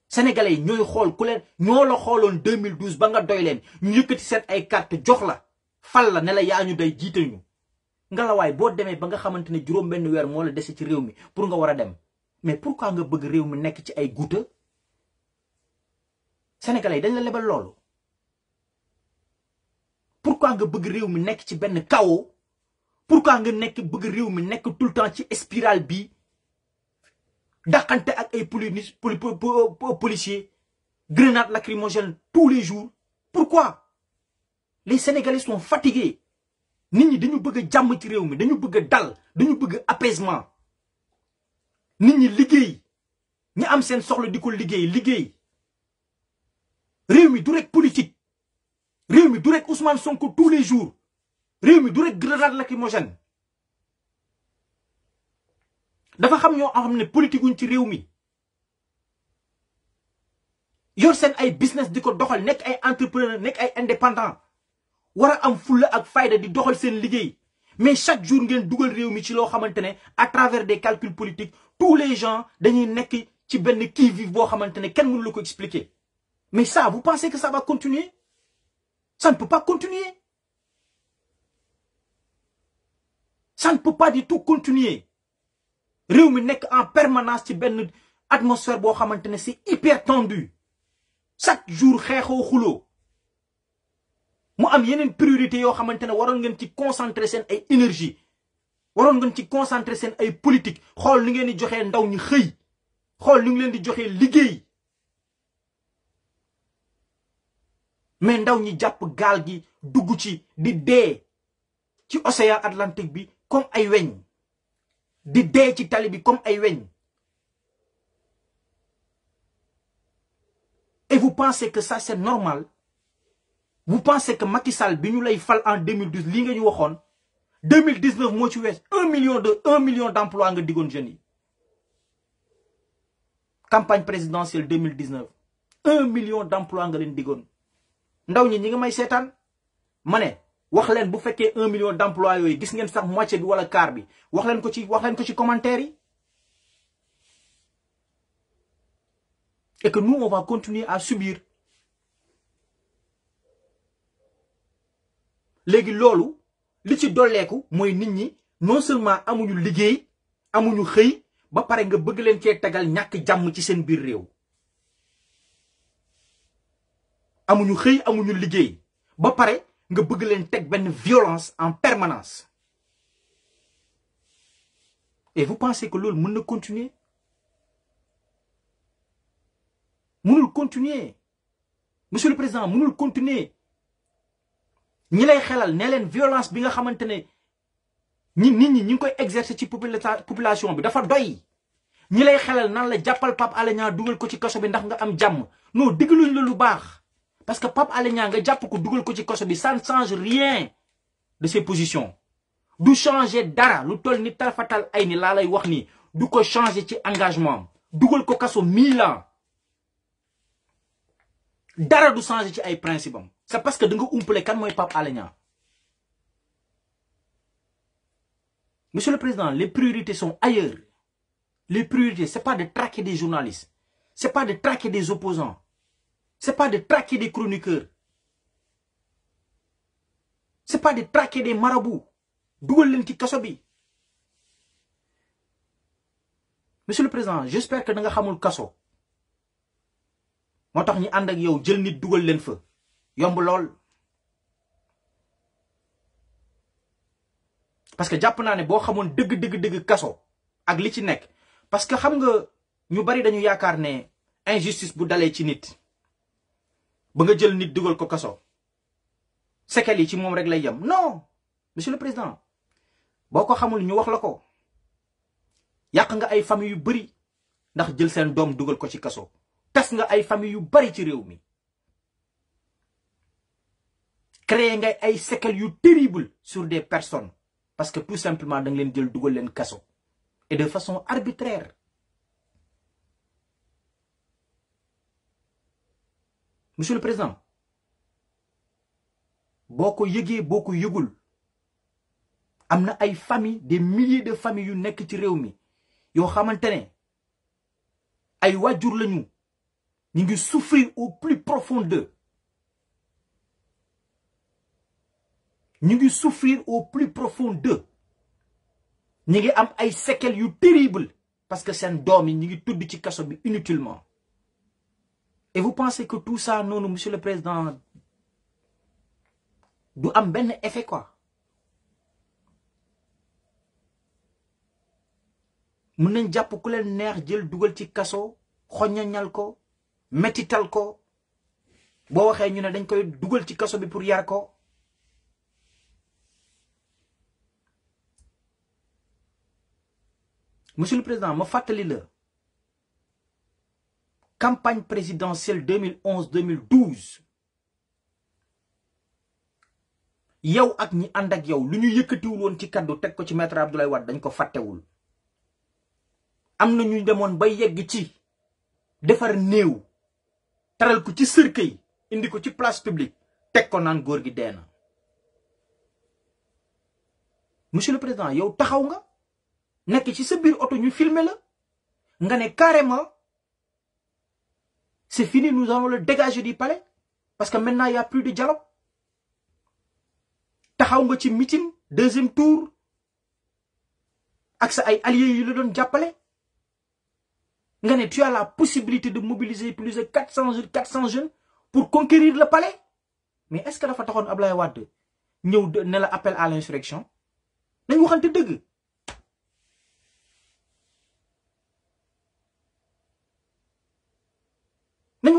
sénégalais yi ñooy xool ku leen ñoo la xooloon 2012 ba nga doy leen ñu yëkkati seen ay carte jox la fal la ne la yaa ñu day jiite ñu ngalawaay boo demee ba nga xamante ne juróom benn weer moo la dese ci réew mi pour nga war a dem mais pourquoi nga bëgg réew mi nekk ci ay guuta sénégalais dañu la lebal loolu pourquoi nga bëgg réew mi nekk ci benn chaos pourquoi nga nekk bëgg réew mi nekk tout le temps ci spirale bi dàqante ak ay police policiers grenades lacrymogènes tous les jours pourquoi les sénégalais sont fatigués nit ñi dañu bëgg a jàmm ci réew mi dañu bëgg a dal dañu bëgg apaisement nit ñi liggéey ñi am seen soxla di ko liggéey liggéey réew mi du rek politique réew mi du rek Ousmane Sonko tous les jours réew mi du rek grenade lacrymogène dafa xam ñoo xam ne politique wuñ ci réew mi yor seen ay business di ko doxal nekk ay entrepreneur nekk ay indépendant war a am fulla ak fayda di doxal seen liggéey mais chaque jour ngeen dugal réew mi ci loo xamante ne à travers des calcules politiques tous les gens dañuy nekk ci benn kii vive boo xamante ne kenn mënu la ko expliquer Mais saa vous pensez que ça va continuer Ça ne peut pas continuer. Ça ne peut pas du tout continuer. réew mi nekk en permanence ci benn atmosphère boo xamante ne c'est hyper tendu chaque jour xeexoo xuloo mu am yeneen priorité yoo xamante ne waroon ngeen ci concentrer seen ay énergie waroon ngeen ci concentrer seen ay politique xool li ngeen di joxe ndaw ñi xëy xool li ngi leen di joxe liggéey mais ndaw ñi jàpp gaal gi dugg ci di dee ci océan Atlantique bi comme ay weñ di dee ci tali bi comme ay weñ et vous pensez que ça c'est normal vous pensez que Macky Sall bi ñu lay fal en 2012 lii nga ñu waxoon 2019 moo ci wees un million de un million d'emplois nga diggoon jeunes yi campagne présidentielle 2019 un million d'emplois nga leen diggoon ndaw ñi ñi nga may seetaan ma ne wax leen bu fekkee un million d'emplois yooyu gis ngeen sax moitié bi wala kaar bi wax leen ko ci wax leen ci commentaire yi et que nous on continuer à subir léegi loolu li ci dolleeku mooy nit ñi non seulement amuñu liggéey amuñu xëy ba pare nga bëgg leen cee tagal ñàkk jàmm ci seen biir réew amuñu xëy amuñu liggéey ba pare nga bëgg leen teg benn violence en permanence et vous pensez que loolu mën na continuer mënul continuer monsieur le président mënul continuer ñi lay xelal ne leen violence bi nga xamante ne ñi nit ñi ñi ngi koy exercer ci population bi dafa doy ñi lay xelal nan la jàppal pap Alé Niang dugal ko ci kaso bi ndax nga am jàmm non diggaluñ la lu baax parce que Pape Alé nga jàpp ko dugul ko ci koso bi ça ne change rien de ses positions du changer dara lu tol ni tarfatal ay ni laa lay wax ni du ko changer ci engagement am dugal ko kaso mille ans dara du changer ci ay principe am c'est parce que da nga umpale kan mooy Pape Alé Niang monsieur le président les priorités sont ailleurs les priorités c'est pas de traquer des journalistes c'est pas de traquer des opposants c'est pas de traquer des chroniqueurs c'est pas de traquer des marabouts dugal leen ci kaso bi monsieur le président j'espère que da nga xamul kaso moo tax ñu ànd ak yow jël nit dugal leen fa yomb lool parce que jàpp naa ne boo xamoon dëgg dëgg kaso ak li ci nekk parce que xam nga ñu bari dañu yaakaar ne injustice bu dalee ci nit ba nga jël nit dugal ko kaso séquelles yi ci moom rek lay yem non monsieur le président boo ko xamul ñu wax la ko yàq nga ay famille yu bari ndax jël seen doom dugal ko ci kaso tas nga ay famille yu bari ci réew mi créer nga ay séquelles yu terrible sur des personnes parce que tout simplement da leen jël dugal leen kaso et de façon arbitraire monsieur le président boo ko yëgee boo ko yëgul am na ay famille des milliers de familles yu nekk ci réew mi yoo xamante ne ay waajur lañu ñu ngi souffrir au plus profond d'eux ñu ngi au plus profond d'eux ñu ngi am ay séquelles yu terrible parce que seen doom yi ñu ngi tudd ci kaso bi inutilement et vous pensez que tout ça noonu monsieur le président du am benn effet quoi mën nañ jàpp ku leen neex jël dugal ci kaso xoñañal ko metital ko boo waxee ñu ne dañ koy dugal ci kaso bi pour yar ko monsieur le président ma fàttali la campagne présidentielle 2011 2012 yow ak ñi ànd ak yow lu ñu yëkkatiwul woon ci kàddu teg ko ci maître Abdoulaye Wade dañ ko fàttewul am na ñu demoon ba yegg ci defar néew taral ko ci sërke indi ko ci place publique teg ko naan góor gi dee na monsieur le président yow taxaw nga nekk ci sa biir oto ñu filmer la nga ne carrément C'est fini, nous allons le dégager du palais. Parce que maintenant, il n'y a plus de dialogue. taxaw nga ci meeting deuxième tour ak sa ay alliés yi la doon jàppale nga ne tu as la possibilité de mobiliser plus de quatre cent jeunes quatre cent jeunes pour conquérir le palais mais est-ce que dafa taxoon Ablaye Wade ñëw ne la appel à l'insurrection dañ waxante dëgg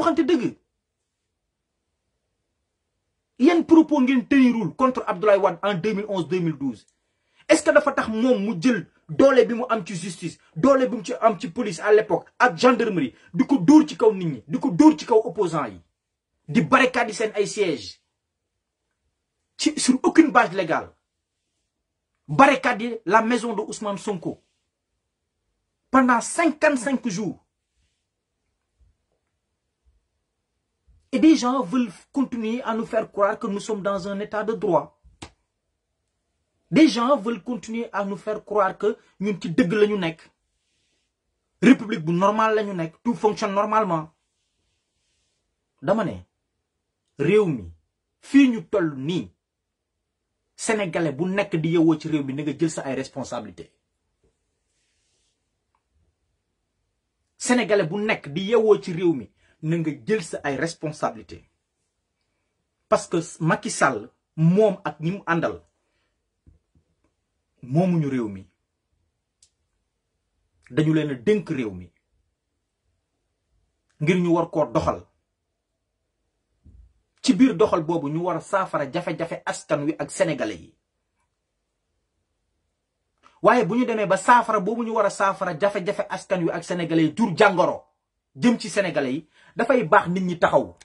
waxante dëgg yan propos ngeen tenirul contre Abdoulaye Wade en 2011 2012 est-ce que dafa tax moom mu jël doole bi mu am ci justice doole bi mu ci am ci police à l'époque ak gendarmerie di ko dóor ci kaw nit ñi di ko dóor ci kaw opposants yi di barricade seen ay sièges ci sur aucune base légale barricade la maison de Ousmane Sonko pendant cinquante cinq jours Et des gens veulent continuer à nous faire croire que nous sommes dans un état de droit. Des gens veulent continuer à nous faire croire que ñun ci dëgg la ñu nekk république bu normal la ñu nekk tout fonctionne normalement dama ne réew mi fii ñu toll nii sénégalais bu nekk di yeewoo ci réew mi na nga jël sa ay responsabilité sénégalais bu nekk di yeewoo ci réew mi na nga jël sa ay responsabilité parce que Macky Sall moom ak ñi mu àndal moomuñu réew mi dañu leen a dénk réew mi ngir ñu war koo doxal ci biir doxal boobu ñu war a saafara jafe-jafe askan wi ak sénégalais yi waaye bu ñu demee ba saafara boobu ñu war a saafara jafe-jafe askan wi ak sénégalais yi jur jàngoro jëm ci sénégalais yi dafay baax nit ñi taxaw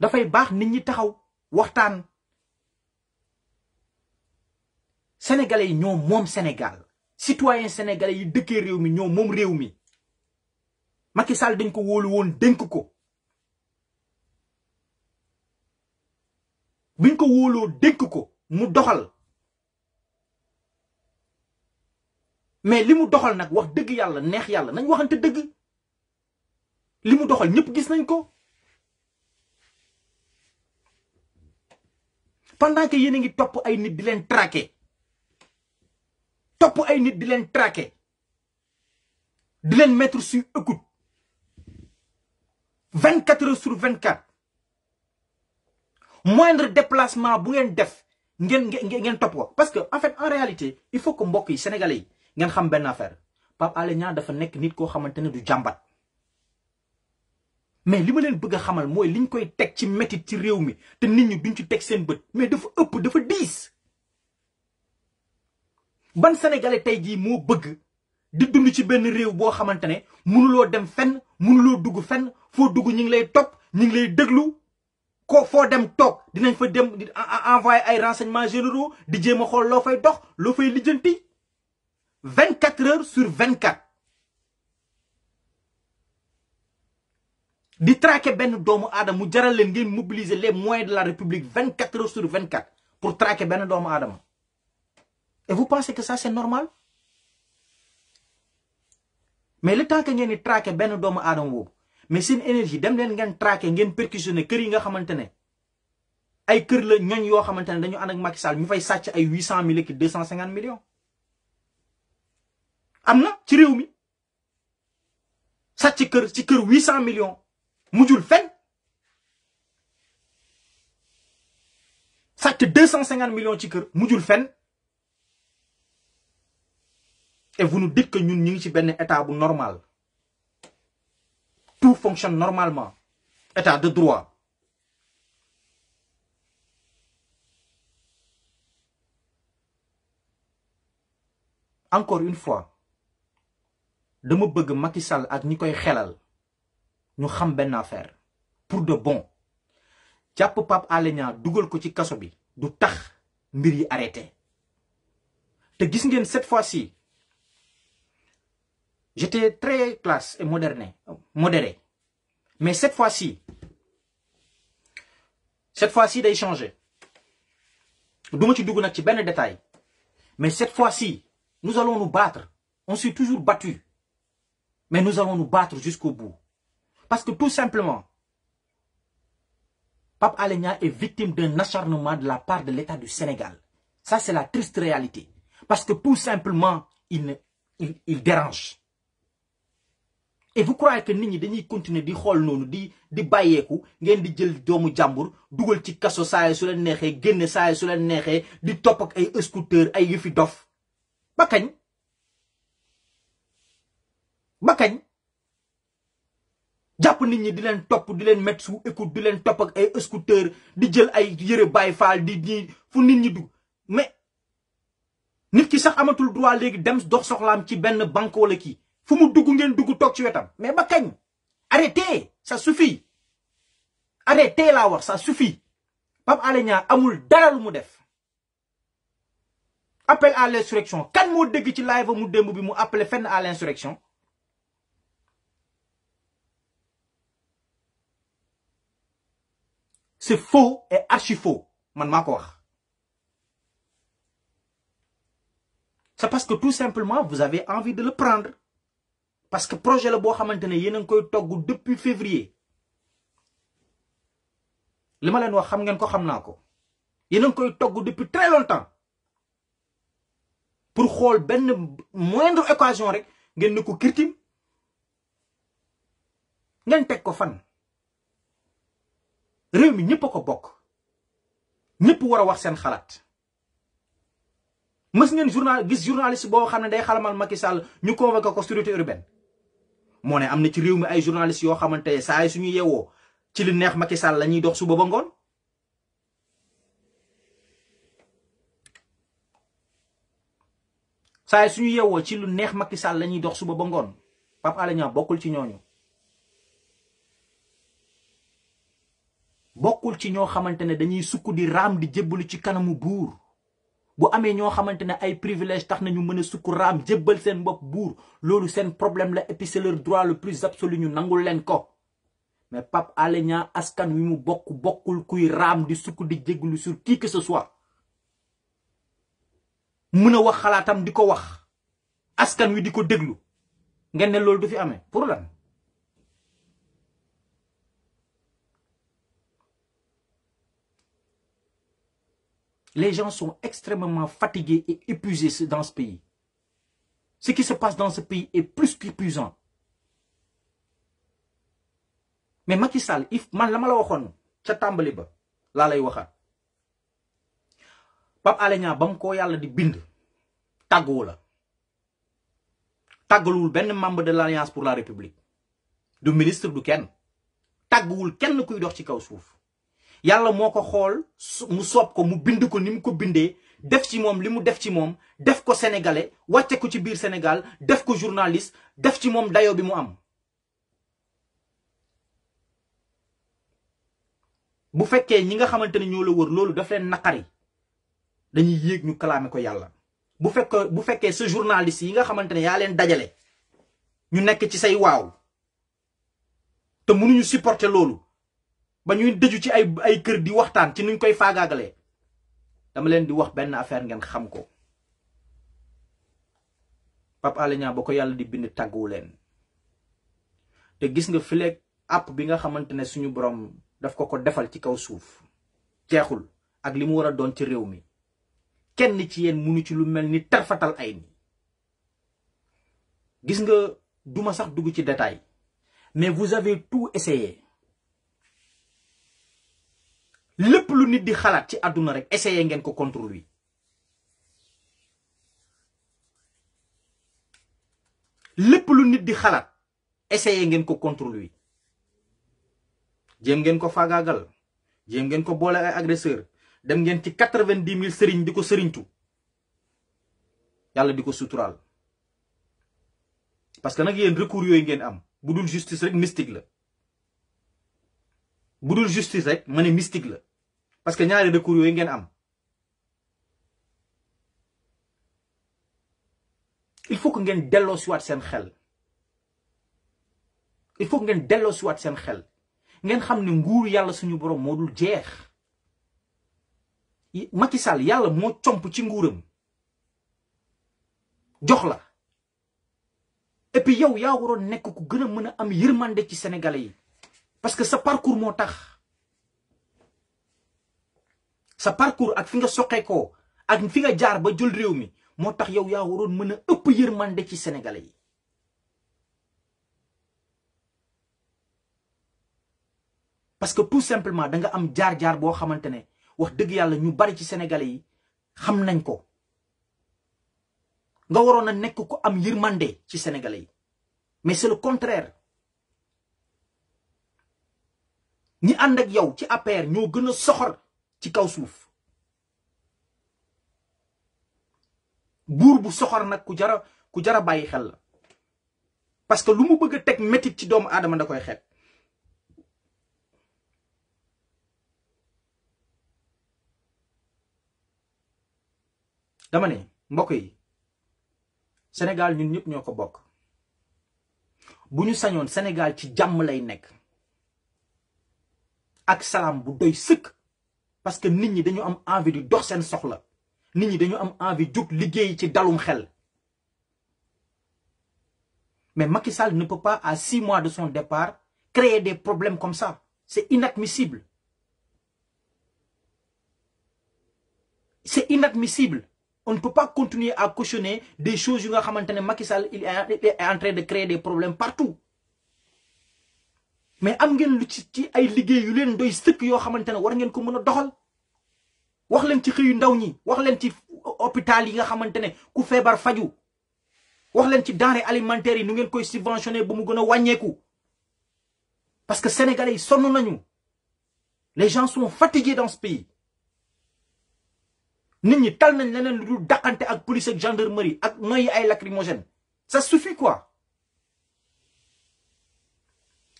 dafay baax nit ñi taxaw waxtaan sénégalais yi ñoo moom Sénégal citoyen sénégalais yi dëkkee réew mi ñoo moom réew mi Macky Sall dañ ko wóolu woon dénk ko buñ ko wóoloo dénk ko mu doxal mais li mu doxal nag wax dëgg yàlla neex yàlla nañ waxante dëgg li mu doxal ñëpp gis nañ ko pendant que yéen a ngi topp ay nit di leen trake topp ay nit di leen trake di leen mettre sur écoute vingt quatre heures sur vingt quatre moindre déplacement bu ngeen def ngeen ngeen topp ko parce que en fait en réalité il faut que mbokk yi sénégalais yi ngeen xam benn affaire Pape Alé Niang dafa nekk nit koo xamante ne du jàmbat mais li ma leen bëgg a xamal mooy liñ koy teg ci métit ci réew mi te nit ñi duñ ci teg seen bët mais dafa ëpp dafa diis ban sénégalais tey jii moo bëgg di dund ci benn réew boo xamante ne mënuloo dem fenn mënuloo dugg fenn foo dugg ñu ngi lay topp ñu ngi lay déglu ko foo dem toog dinañ fa dem di envoyé ay renseignements généraux di jéem a xool loo fay dox loo fay lijjanti. vingt quatre heures sur vingt quatre di traquer benn doomu aadama mu jaral leen ngeen mobiliser les moyens de la république vingt quatre heures sur vingt quatre pour traquer benn doomu aadama et vous pensez que ça c'est normal mais le temps que ngeen di traquer benn doomu aadama boobu mais seen énergie dem leen ngeen traquer ngeen perquisitionner kër yi nga xamante ay kër la ñooñ yoo xamante ne dañu ànd ak Macky Sall ñu fay sàcc ay huit cent mille ak deux cent cinquante am na ci réew mi sàcc kër ci kër huit cent millions mujjul fenn sàcc deux cent cinquante millions ci kër mujjul fenn et vous nous dites ñun ñu ngi ci benn état bu normal tout fonctionne normalement état de droit encore une fois dama bëgg Macky ak ñi koy xelal ñu xam benn affaire pour de bon jàpp Pape Alé Niang dugal ko ci kaso bi du tax mbir yi arrêté te gis ngeen cette fois-ci j'étais très classe et moderne modéré mais cette fois-ci cette fois-ci day changé duma ci dugg nag ci benn détail mais cette fois-ci nous allons nous battre on s'est toujours battu Mais nous allons nous battre jusqu'au bout. Parce que tout simplement, Pape Alenia est victime d'un acharnement de la part de l'État du Sénégal. Ça, c'est la triste réalité. Parce que tout simplement, il, il, il dérange. Et vous croyez que nit ñi dañuy continuer di xool noonu di di bàyyeeku ngeen di jël doomu jàmbur dugal ci kaso saay su leen neexee génne saay su leen neexee di topp ak ay scooter ay yëfi dof ba ba kañ jàpp nit ñi di leen topp di leen mettre sous écoute di leen topp ak ay scooter di jël ay yëre Baay Faal di di fu nit ñi dugg mais nit ki sax amatul droit léegi dem dox soxlaam ci benn banque wala kii fu mu dugg ngeen dugg toog ci wetam mais ba kañ arrêtez ça suffit arrêtez laa wax ça suffit Pape Alé Niang amul dara lu mu def appel à l'insurrection kan moo dégg ci live mu démb bi mu appelé fenn à l'insurrection c'est faux et archi faux man maa ko wax c'est parce que tout simplement vous avez envie de le prendre parce que projet la boo xamante ne yéen a ngi koy togg depuis février li ma leen wax xam ngeen ko xam naa ko yéen a ngi koy togg depuis très longtemps pour xool benn moindre occasion rek ngeen ni ko kirtim ngeen teg ko fan réew mi ñëpp a ko bokk ñépp war a wax seen xalaat mës ngeen journal gis journaliste boo xam ne day xalamal Macky Sall ñu convoqué ko sûreté urbaine moo ne am na ci réew mi ay journaliste yoo xamante ne saa yi suñu yeewoo ci li neex Macky Sall la ñuy dox suba ba ngoon saa suñu yeewoo ci lu neex Macky Sall la ñuy dox suba ba ngoon Pape Alé bokkul ci ñooñu bokkul ci ñoo xamante ne dañuy sukk di raam di jëbbalu ci kanamu buur bu amee ñoo xamante ne ay privilège tax nañu mën a sukk raam jébbal seen bopp buur loolu seen problème la et puis c'est leur droit le plus absolu ñu nangul leen ko mais Pape Alé ñaa askan wi mu bokk bokkul kuy raam di sukk di jéglu sur qui que ce soit mën a wax xalaatam di ko wax askan wi di ko déglu ngeen ne loolu du fi amee pour lan Les gens sont extrêmement fatigués et épuisés dans ce pays. Ce qui se passe dans ce pays est plus qu'épuisant. Mais Macky Sall man la ma la waxoon ca tàmbali ba laa lay waxaat Pape Alé ba mu ko yàlla di bind tàgguwu la tàggaluwul benn membre de l'Alliance pour la République du ministre du kenn tàgguwul kenn kuy dox ci kaw suuf yàlla moo ko xool mu soob ko mu bind ko ni mu ko bindee def ci moom li mu def ci moom def ko sénégalais wacce ko ci biir Sénégal def ko journaliste def ci moom dayo bi mu am bu fekkee ñi nga xamante ne ñoo la wër loolu daf leen naqari dañuy yéeg ñu kalaame ko yàlla bu fekkee bu fekkee sa journaliste yi nga xamante ne yaa leen dajale ñu nekk ci say waaw te mënuñu supporter loolu ba ñuy dëju ci ay ay kër di waxtaan ci nuñ koy faagaagalee dama leen di wax benn affaire ngeen xam ko Pape Alé Niang ba ko yàlla di bind tàgguwu leen te gis nga fileeg app bi nga xamante ne suñu borom daf ko ko defal ci kaw suuf jeexul ak li mu war a doon ci réew mi kenn ci mu munu ci lu mel ni tarfatal ay ni gis nga duma sax dugg ci détail mais vous avez tout essayé lépp lu nit di xalaat ci àdduna rek ye ngeen ko contre lépp lu nit di xalaat essayé ngeen ko contre lui jéem ngeen ko faagaagal jéem ngeen ko boole ay agresseur dem ngeen ci quatre-vingt-dix mille sëriñ di ko sëriñtu yàlla di ko suturaal parce que nag yéen recours yooyu ngeen am bu dul justice rek mystique la bu dul justice rek ma ne la parce que ñaari recours yooyu ngeen am il faut que ngeen delloo siwaat seen xel il faut ngeen delloo seen xel ngeen xam ne nguur yàlla suñu borom moo dul jeex Macky yàlla moo comp ci nguuram jox la et yow yaa waroon nekk ku gën a mën a am yërmande ci sénégalais yi parce que sa parcours moo tax sa parcours ak fi nga soqeekoo ak fi nga jaar ba jul réew mi moo tax yow yaa waroon mën a ëpp yërmande ci sénégalais yi parce que tout simplement danga am jaar-jaar boo xamante ne wax dëgg yàlla ñu bari ci sénégalais yi xam nañ ko nga waroon a nekk ko am yërmande ci sénégalais yi mais c'est le contraire ñi ànd ak yow ci APR ñoo gën a soxor ci kaw suuf buur bu soxor nag ku jara ku jara bàyyi xel la parce que lu mu bëgg a teg métit ci doomu aadama da koy xeet dama ne mbokk yi Sénégal ñun ñëpp ñoo ko bokk bu ñu sañoon Sénégal ci jàmm lay nekk ak salaam bu doy sëkk parce que nit ñi dañu am envie di dox seen soxla nit ñi dañu am envie jóg liggéey ci dalum xel mais Macky Sall ne peut pas à six mois de son départ créer des problèmes comme ça c'est inadmissible c'est inadmissible on ne peut pas continuer à cautionner des choses yu nga xamante ne Macky Sall il est en de créer des problèmes partout mais am ngeen lu ci ci ay liggéey yu leen doy sëkk yoo xamante ne war ngeen ko mën a doxal wax leen ci xëyu ndaw ñi wax leen ci hôpital yi nga xamante ne ku feebar faju wax leen ci denrée alimentaire yi nu ngeen koy subventionné ba mu gën a wàññeeku parce que sénégalais yi sonn nañu les gens sont fatigués dans ce pays nit ñi tal nañ leneen lu dul daqante ak police ak gendarmerie ak noyyi ay lacrymogène ça suffit quoi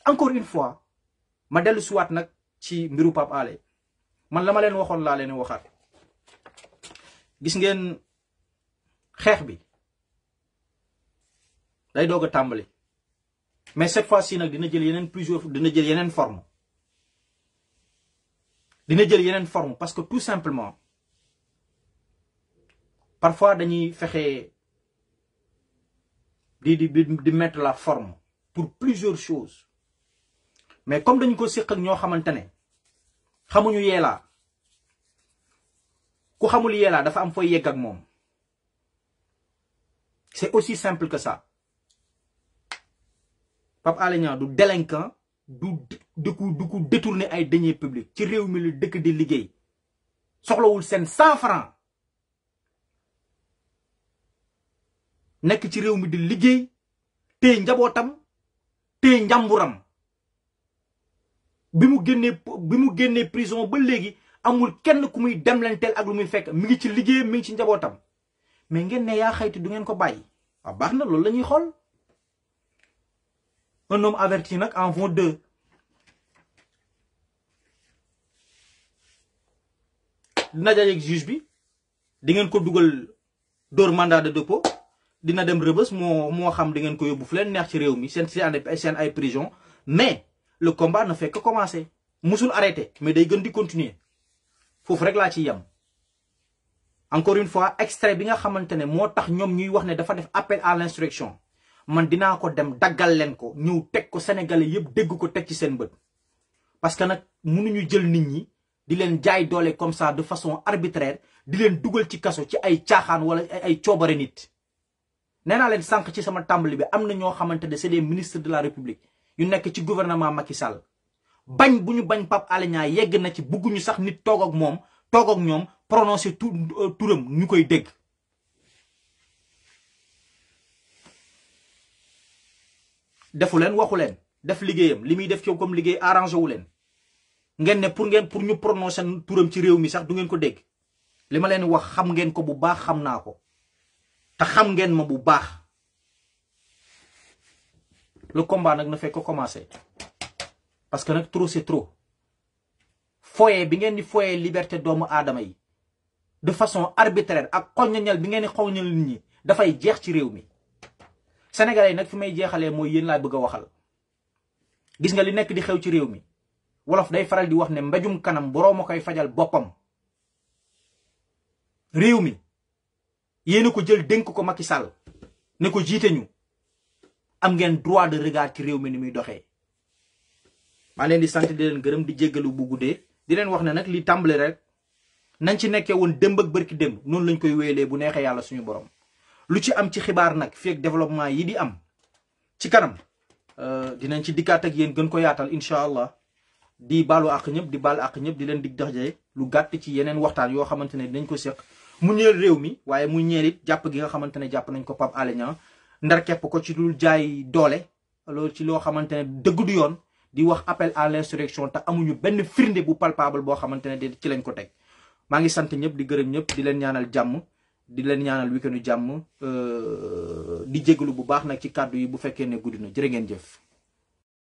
encore une fois ma dellu siwaat nag ci mbiru Pape Alé man la ma leen waxoon laa leen waxaat gis ngeen xeex bi day doog a tàmbali mais cette fois-ci nag dina jël yeneen plusieurs dina jël yeneen forme dina jël yeneen forme parce que tout simplement parfois dañuy fexe di di di mettre la forme pour plusieurs choses mais comme dañu ko séq ak ñoo xamante ne xamuñu yeelaa ku xamul yeelaa dafa am fooy yegg ak moom c'est aussi simple que ça Pape Alé Niang du délinquant du du ko du ay deniers publics ci réew mi lu dëkk di liggéey soxlawul seen cent francs nekk ci réew mi di liggéey téye njabootam téye njàmburam bi mu génnee bi mu génnee prison ba léegi amul kenn ku muy demlanteel ak lu muy fekk mi ngi ci liggéey mi ngi ci njabootam mais ngeen ne yaa xayti du ngeen ko bàyyi waaw ah, baax na loolu la ñuy xool un homme averti nag en vaut deux dina jaay ak bi di ngeen ko dugal dóor mandat de dépôt dina dem rëbës moo moo xam di ngeen ko yóbbu fu leen neex ci réew mi seen seen ay prison mais le combat ne fait que commencer musul arrêté mais day gën di continuer foofu rek laa ci yem encore une fois extrait bi nga xamante ne moo tax ñoom ñuy wax ne dafa def appel à l'instruction man dinaa ko dem daggal leen ko ñëw teg ko sénégalais yëpp dégg ko teg ci seen bët parce que nag mënuñu jël nit ñi di leen jaay doole comme ça de façon arbitraire di leen dugal ci kaso ci ay caaxaan wala ay coobare nit nee naa leen sànq ci sama tàmbali bi am na ñoo xamante ne c'est des ministres de la république yu nekk ci gouvernement Macky Sall bañ bu ñu bañ Pape Alé Niang yegg na ci bugguñu sax nit toog ak moom toog ak ñoom prononcé euh, turam ñu koy dégg. defu leen waxu leen def liggéeyam li muy def ci comme liggéey arrangé wu leen ngeen ne pour ngeen pour ñu prononcé turam ci réew mi sax du ngeen ko dégg li ma leen wax xam ngeen ko bu baax xam naa ko te xam ngeen ma bu baax. lu combat nag na fekk ko commencé parce que nag trop c'est trop foye bi ngeen di foye liberté doomu aadama yi de façon arbitraire ak xoññal bi ngeen di xoññal nit ñi dafay jeex ci réew mi sénégalais yi nag fi may jeexalee mooy yéen laa bëgg a waxal gis nga li nekk di xew ci réew mi wolof day faral di wax ne mbajum kanam boroom a koy fajal boppam réew mi yéen ko jël dénk ko Macky Sall ne ko jiite ñu am ngeen droit de regard ci réew mi ni muy doxee maa leen di sant di leen gërëm di jéggalu bu guddee di leen wax ne nag li tàmbale rek nañ ci nekkee woon démb ak bërki démb noonu lañ koy wéyalee bu neexee yàlla suñu borom lu ci am ci xibaar nag fii développement yi di am ci kanam euh, dinañ ci dikkaatak ak gën ko yaatal incha allah di baalu àq ñëpp di baal àq ñëpp di leen dig daxjee lu gàtt ci yeneen waxtaan yoo xamante ne dinañ ko séq mu ñeel réew mi waaye mu ñeel jàpp gi nga xamante ne jàpp nañ ko Pape Alé ndar képp ko ci dul jaay doole loolu ci loo xamante ne dëgg yoon di wax appel à l'insurrection te amuñu benn firnde bu palpable boo xamante ne ci lañ ko teg maa ngi sant ñëpp di gërëm ñëpp di leen ñaanal jàmm di leen ñaanal weekendu jàmm euh, di jégalu bu baax nag ci kàddu yi bu fekkee ne guddi na jërë ngeen jëf.